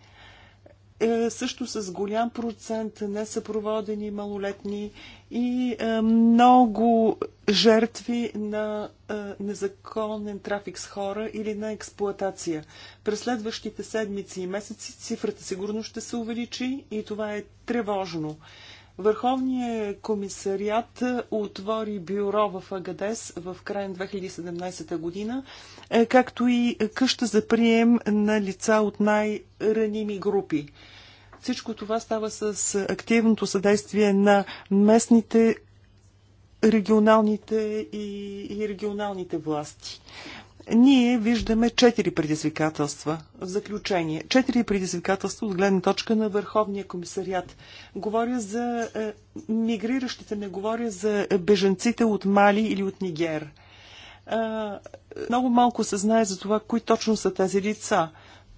е, също с голям процент несъпроводени малолетни и е, много жертви на е, незаконен трафик с хора или на експлоатация. През следващите седмици и месеци цифрата сигурно ще се увеличи и това е тревожно. Върховният комисариат отвори бюро в Агадес в края на 2017 година, е, както и къща за прием на лица от най-раними групи. Всичко това става с активното съдействие на местните регионалните и, и регионалните власти. Ние виждаме четири предизвикателства. В заключение, четири предизвикателства от гледна точка на Върховния комисариат. Говоря за е, мигриращите, не говоря за беженците от Мали или от Нигер. Е, много малко се знае за това, кои точно са тези лица.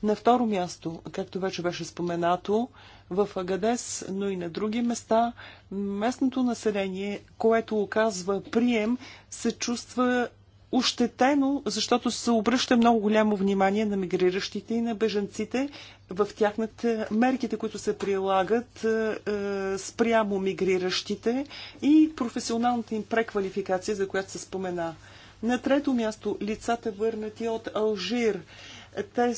На второ място, както вече беше споменато, в Агадес, но и на други места, местното население, което оказва прием, се чувства ощетено, защото се обръща много голямо внимание на мигриращите и на бежанците в тяхната е, мерките, които се прилагат е, е, спрямо мигриращите и професионалната им преквалификация, за която се спомена. На трето място лицата върнати от Алжир. Те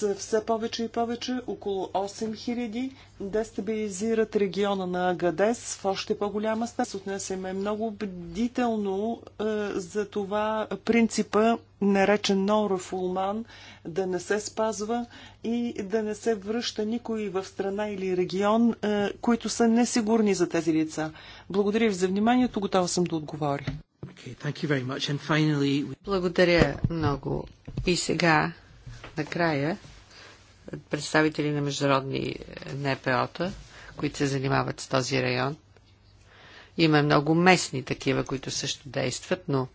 са все повече и повече, около 8000, дестабилизират региона на Агадес в още по-голяма степен. Отнесеме много бдително е, за това принципа, наречен Норафулман, да не се спазва и да не се връща никой в страна или регион, е, които са несигурни за тези лица. Благодаря ви за вниманието, готова съм да отговоря. Okay, finally... Благодаря много. И сега Накрая, представители на международни е, НПО-та, които се занимават с този район. Има много местни такива, които също действат, но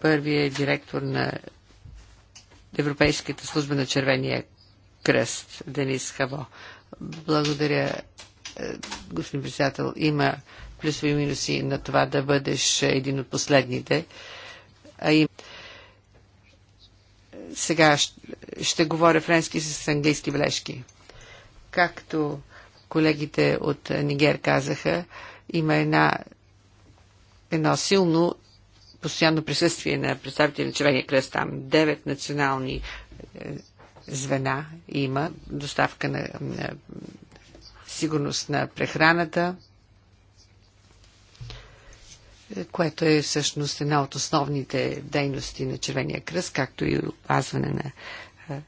първият е директор на Европейската служба на Червения кръст, Денис Хаво. Благодаря, е, господин председател. Има плюсови минуси на това да бъдеш един от последните. А и сега ще говоря френски с английски влешки. Както колегите от Нигер казаха, има една, едно силно постоянно присъствие на представители на Червения кръст там. Девет национални е, звена има, доставка на, на сигурност на прехраната, което е всъщност една от основните дейности на Червения кръст, както и опазване на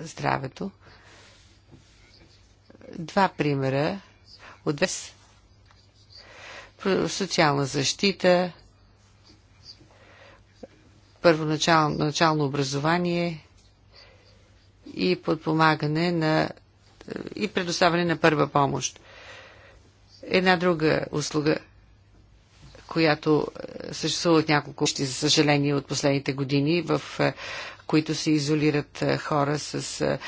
здравето. Два примера от две социална защита, първоначално начално образование и подпомагане на и предоставяне на първа помощ. Една друга услуга която е, съществува от няколко общи, за съжаление, от последните години, в е, които се изолират е, хора с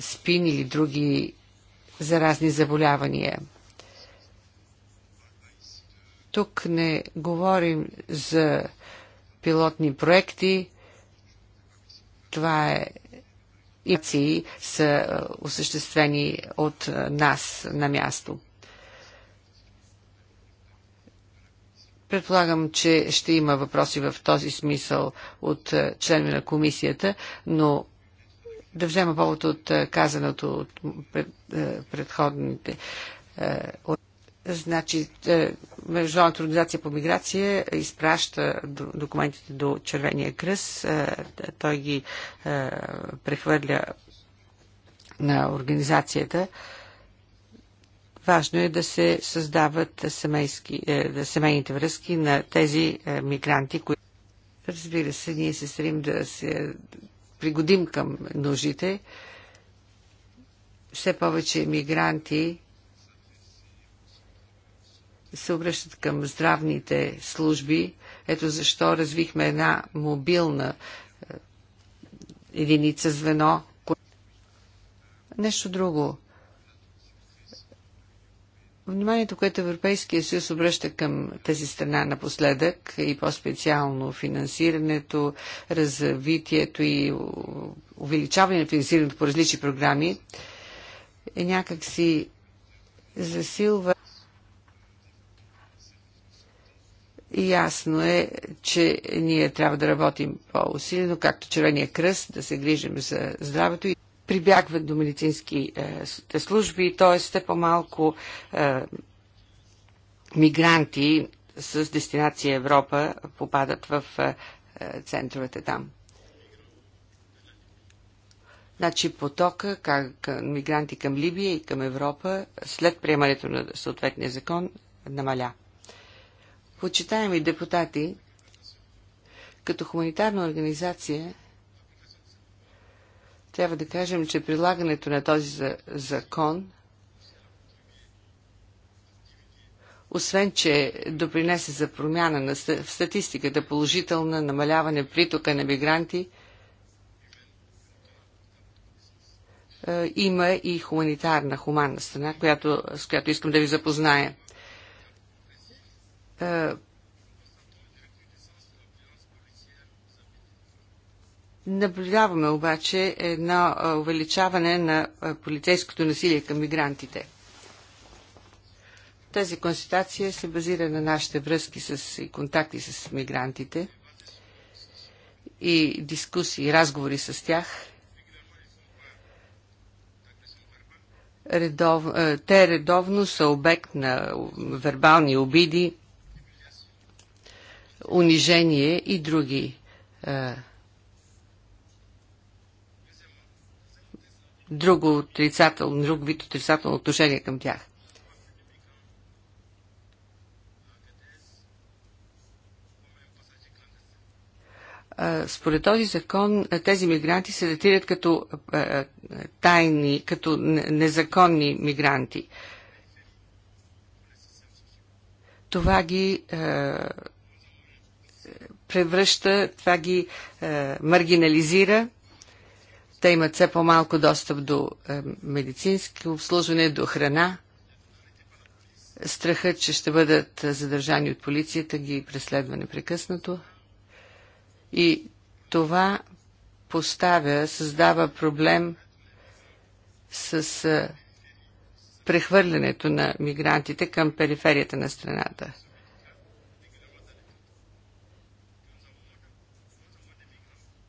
спин или други заразни заболявания. Тук не говорим за пилотни проекти. Това е иниции са осъществени от нас на място. Предполагам, че ще има въпроси в този смисъл от е, членове на комисията, но да взема повод от е, казаното от е, предходните. Значи, Международната организация по миграция изпраща документите до Червения кръст. Той ги прехвърля на организацията. Важно е да се създават семейски, е, семейните връзки на тези е, мигранти, които разбира се, ние се стремим да се пригодим към нуждите. Все повече мигранти се обръщат към здравните служби. Ето защо развихме една мобилна е, единица звено. Нещо друго. Вниманието, което Европейския съюз обръща към тази страна напоследък и по-специално финансирането, развитието и увеличаване на финансирането по различни програми, е някакси засилва. И ясно е, че ние трябва да работим по-усилено, както Червения кръст, да се грижим за здравето и прибягват до медицински е, служби, т.е. все по-малко е, мигранти с дестинация Европа попадат в е, е, центровете там. Значи потока как, към мигранти към Либия и към Европа след приемането на съответния закон намаля. Почитаеми депутати, като хуманитарна организация трябва да кажем, че прилагането на този закон, освен че допринесе за промяна на, в статистиката положителна намаляване притока на мигранти, е, има и хуманитарна, хуманна страна, която, с която искам да ви запозная. Е, Наблюдаваме обаче едно увеличаване на полицейското насилие към мигрантите. Тази констатация се базира на нашите връзки с, и контакти с мигрантите и дискусии, и разговори с тях. Редов, те редовно са обект на вербални обиди, унижение и други друго отрицателно, друг вид отрицателно отношение към тях. според този закон тези мигранти се датират като тайни, като незаконни мигранти. Това ги превръща, това ги маргинализира те имат все по-малко достъп до е, медицински обслужване, до храна. Страхът, че ще бъдат е, задържани от полицията, ги преследва непрекъснато. И това поставя, създава проблем с е, прехвърлянето на мигрантите към периферията на страната.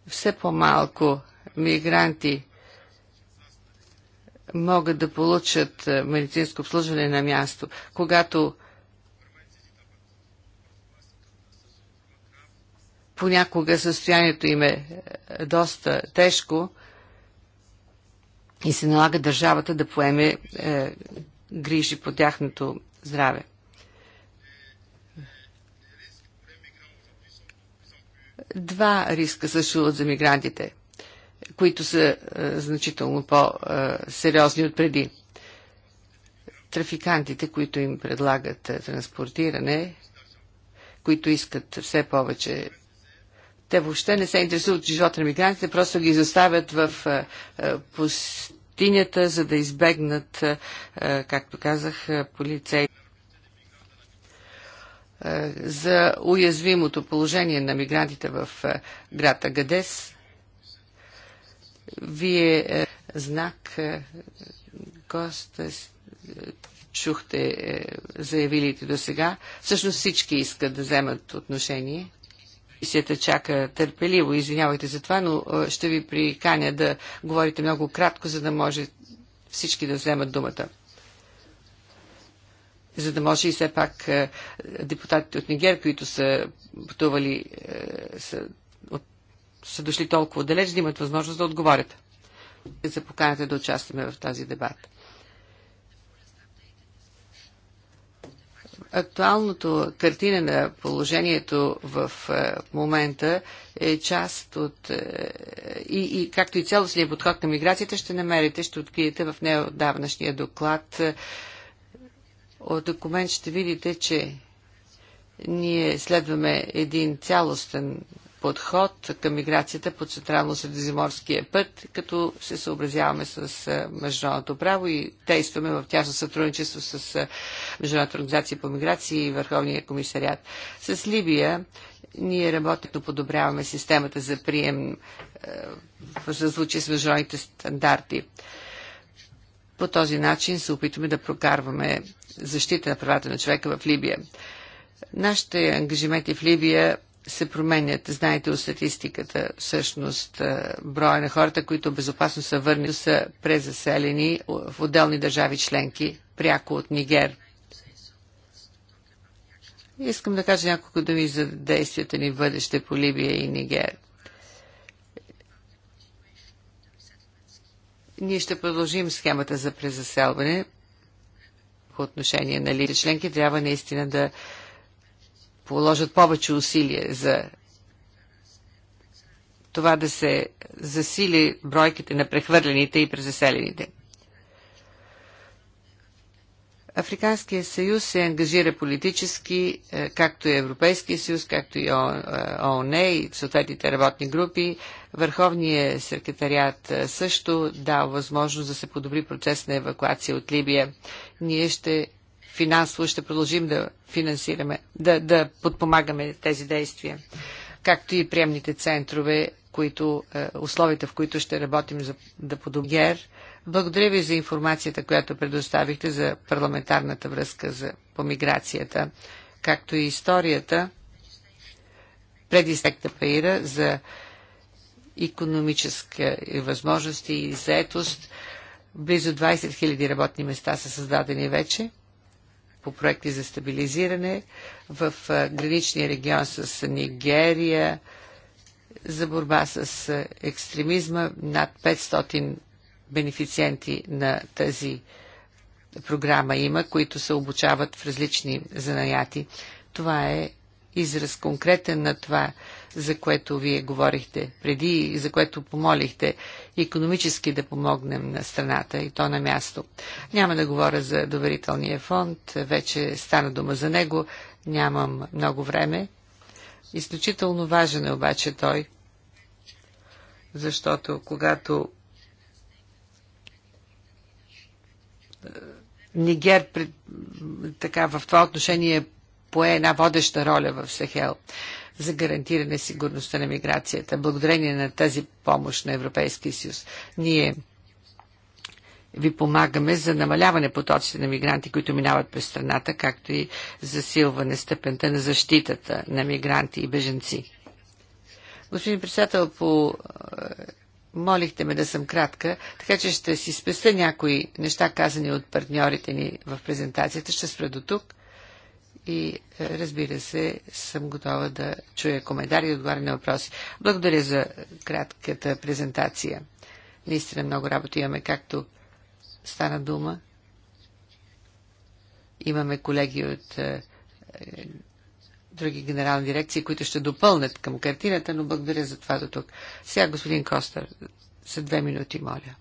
Все по-малко мигранти могат да получат е, медицинско обслужване на място. Когато понякога състоянието им е, е доста тежко и се налага държавата да поеме е, грижи по тяхното здраве. Два риска съществуват за мигрантите които са е, значително по-сериозни от преди. Трафикантите, които им предлагат е, транспортиране, които искат все повече те въобще не се интересуват от живота на мигрантите, просто ги заставят в е, пустинята, за да избегнат, както казах, полицей. За уязвимото положение на мигрантите в град Агадес вие е, знак е, гост е, е, чухте е, заявилите до сега. Всъщност всички искат да вземат отношение. Комисията чака търпеливо, извинявайте за това, но е, ще ви приканя да говорите много кратко, за да може всички да вземат думата за да може и все пак е, депутатите от Нигер, които са пътували, е, са от са дошли толкова далеч, да имат възможност да отговорят за поканяте да участваме в тази дебат. Актуалното картина на положението в е, момента е част от е, и, и както и цялостния подход към миграцията ще намерите, ще откриете в неодавнашния доклад. От документ ще видите, че ние следваме един цялостен подход към миграцията по Централно-Средиземорския път, като се съобразяваме с международното право и действаме в тясно сътрудничество с Международната организация по миграция и Върховния комисариат. С Либия ние работим, подобряваме системата за прием в съзвучие с международните стандарти. По този начин се опитваме да прокарваме защита на правата на човека в Либия. Нашите ангажименти в Либия се променят. Знаете от статистиката, всъщност, е, броя на хората, които безопасно са върнали, са презаселени в отделни държави членки, пряко от Нигер. Искам да кажа няколко думи за действията ни в бъдеще по Либия и Нигер. Ние ще продължим схемата за презаселване по отношение на Либия. членки. Трябва наистина да положат повече усилие за това да се засили бройките на прехвърлените и презаселените. Африканския съюз се ангажира политически, е, както и Европейския съюз, както и е, ООН и съответните работни групи. Върховният секретариат е, също дал възможност да се подобри процес на евакуация от Либия. Ние ще финансово ще продължим да финансираме, да, да подпомагаме тези действия, както и приемните центрове, които, е, условията в които ще работим за да подобгер. Благодаря ви за информацията, която предоставихте за парламентарната връзка за, по миграцията, както и историята преди секта Паира за економическа възможности и заетост. Близо 20 000 работни места са създадени вече по проекти за стабилизиране в граничния регион с Нигерия за борба с екстремизма. Над 500 бенефициенти на тази програма има, които се обучават в различни занаяти. Това е израз конкретен на това, за което вие говорихте преди и за което помолихте економически да помогнем на страната и то на място. Няма да говоря за доверителния фонд, вече стана дума за него, нямам много време. Изключително важен е обаче той, защото когато е, Нигер така, в това отношение пое една водеща роля в Сахел за гарантиране сигурността на миграцията. Благодарение на тази помощ на Европейския съюз, ние ви помагаме за намаляване потоците на мигранти, които минават през страната, както и засилване степента на защитата на мигранти и беженци. Господин председател, по... Е, молихте ме да съм кратка, така че ще си спестя някои неща, казани от партньорите ни в презентацията. Ще спра до тук и е, разбира се, съм готова да чуя коментари и отговаря на въпроси. Благодаря за кратката презентация. Наистина много работа имаме, както стана дума. Имаме колеги от е, е, други генерални дирекции, които ще допълнят към картината, но благодаря за това до тук. Сега господин Костър, за две минути, моля.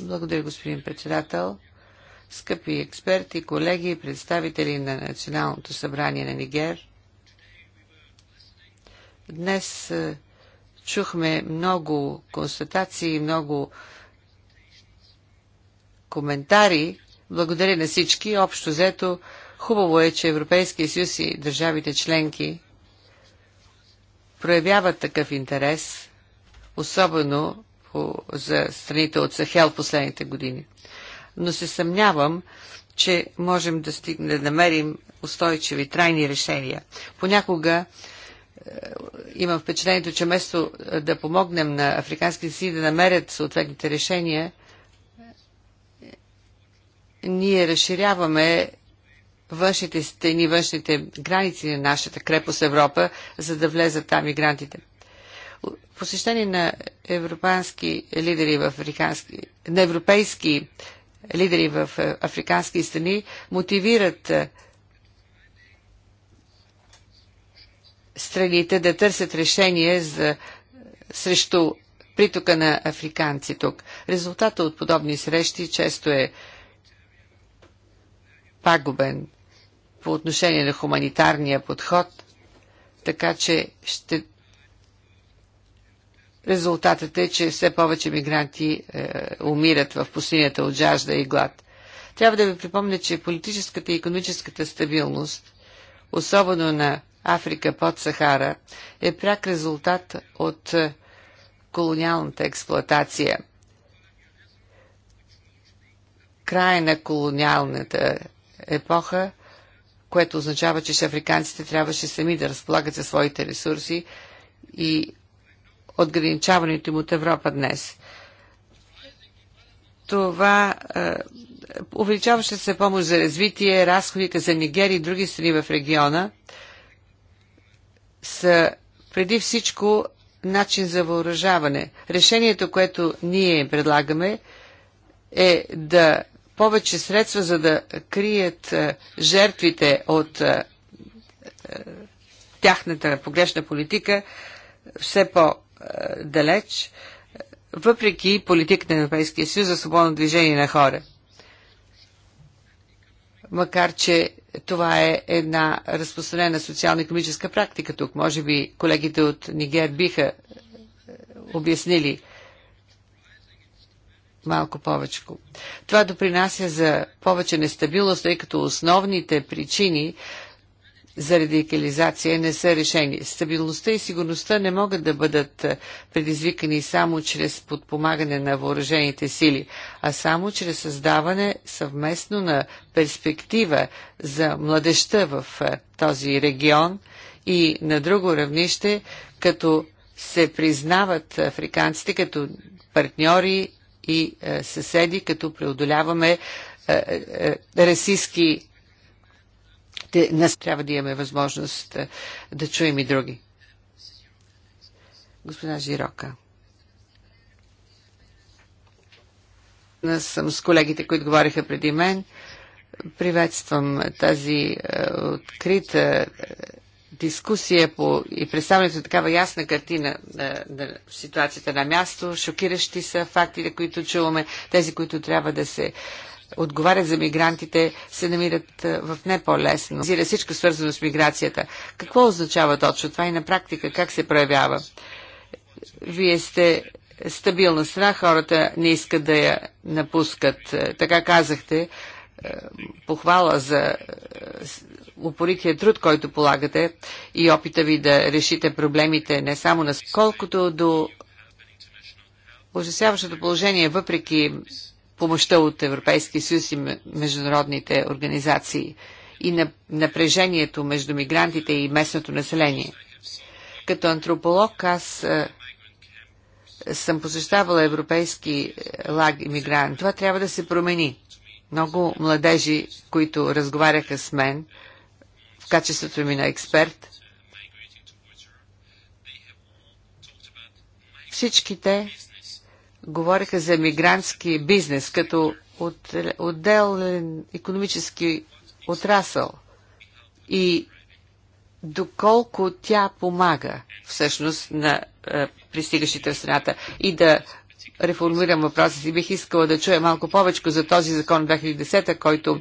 Благодаря, господин председател скъпи експерти, колеги и представители на Националното събрание на Нигер. Днес е, чухме много констатации, много коментари. Благодаря на всички. Общо взето, хубаво е, че Европейския съюз и държавите членки проявяват такъв интерес, особено по, за страните от Сахел последните години но се съмнявам, че можем да, стигне, да намерим устойчиви, трайни решения. Понякога е, имам впечатлението, че вместо е, да помогнем на африканските си да намерят съответните решения, е, ние разширяваме външните стени, външните граници на нашата крепост Европа, за да влезат там мигрантите. Посещение на европейски лидери в африкански, на европейски лидери в е, африкански страни мотивират е, страните да търсят решение за, срещу притока на африканци тук. Резултата от подобни срещи често е пагубен по отношение на хуманитарния подход, така че ще Резултатът е, че все повече мигранти е, умират в пустинята от жажда и глад. Трябва да ви припомня, че политическата и економическата стабилност, особено на Африка под Сахара, е пряк резултат от е, колониалната експлоатация. Край на колониалната епоха, което означава, че африканците трябваше сами да разполагат за своите ресурси и отграничаването им от Европа днес. Това е, увеличаваше се помощ за развитие, разходите за Нигерия и други страни в региона са преди всичко начин за въоръжаване. Решението, което ние предлагаме, е да повече средства, за да крият е, жертвите от е, е тяхната погрешна политика, все по далеч, въпреки политиката на Европейския съюз за свободно движение на хора. Макар, че това е една разпространена социално-економическа практика тук. Може би колегите от Нигер биха е, обяснили малко повече. Това допринася за повече нестабилност, тъй като основните причини за радикализация не са решени. Стабилността и сигурността не могат да бъдат е, предизвикани само чрез подпомагане на въоръжените сили, а само чрез създаване съвместно на перспектива за младеща в е, този регион и на друго равнище, като се признават африканците като партньори и е, съседи, като преодоляваме расистски те, нас трябва да имаме възможност е, да чуем и други. Господа Жирока. Аз съм с колегите, които говориха преди мен. Приветствам тази е, открита е, дискусия по и представянето на такава ясна картина на, на ситуацията на място. Шокиращи са фактите, които чуваме, тези, които трябва да се отговарят за мигрантите, се намират в не по-лесно. Зира всичко свързано с миграцията. Какво означава точно това и на практика как се проявява? Вие сте стабилна страна, хората не искат да я напускат. Така казахте, похвала за упорития труд, който полагате и опита ви да решите проблемите не само на... Колкото до ужасяващото положение, въпреки помощта от Европейския съюз и международните организации и напрежението между мигрантите и местното население. Като антрополог аз е, съм посещавала европейски е, лаг мигрант. Това трябва да се промени. Много младежи, които разговаряха с мен в качеството ми на експерт, всичките говориха за мигрантски бизнес като от, отделен економически отрасъл и доколко тя помага всъщност на е, пристигащите в страната и да реформирам въпроса си. Бих искала да чуя малко повече за този закон 2010, който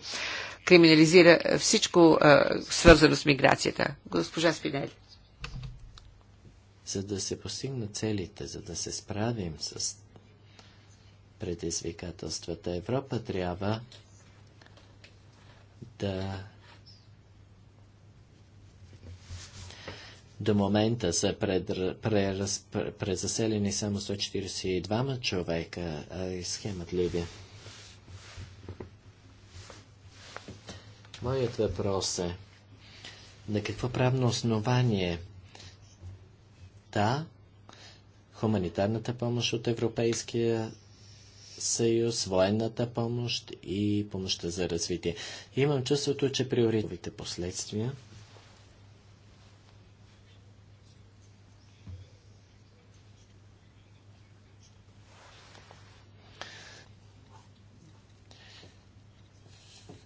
криминализира всичко е, свързано с миграцията. Госпожа Спинели. За да се постигнат целите, за да се справим с предизвикателствата. Европа трябва да до момента са презаселени само 142 човека и схемат Ливия. Моят въпрос е на какво правно основание да, хуманитарната помощ от Европейския съюз, военната помощ и помощта за развитие. Имам чувството, че приоритетните последствия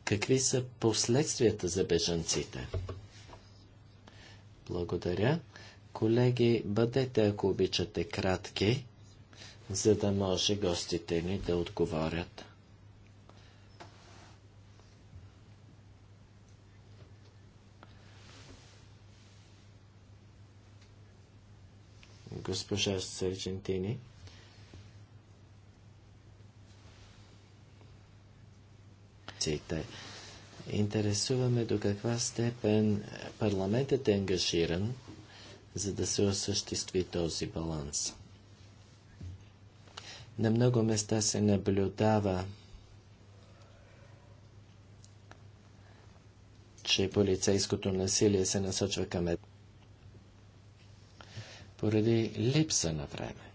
Какви са последствията за бежанците? Благодаря. Колеги, бъдете, ако обичате, кратки за да може гостите ни да отговорят. Госпожа Сержентини. Интересуваме до каква степен парламентът е ангажиран, за да се осъществи този баланс. На много места се наблюдава, че полицейското насилие се насочва към Поради липса на време.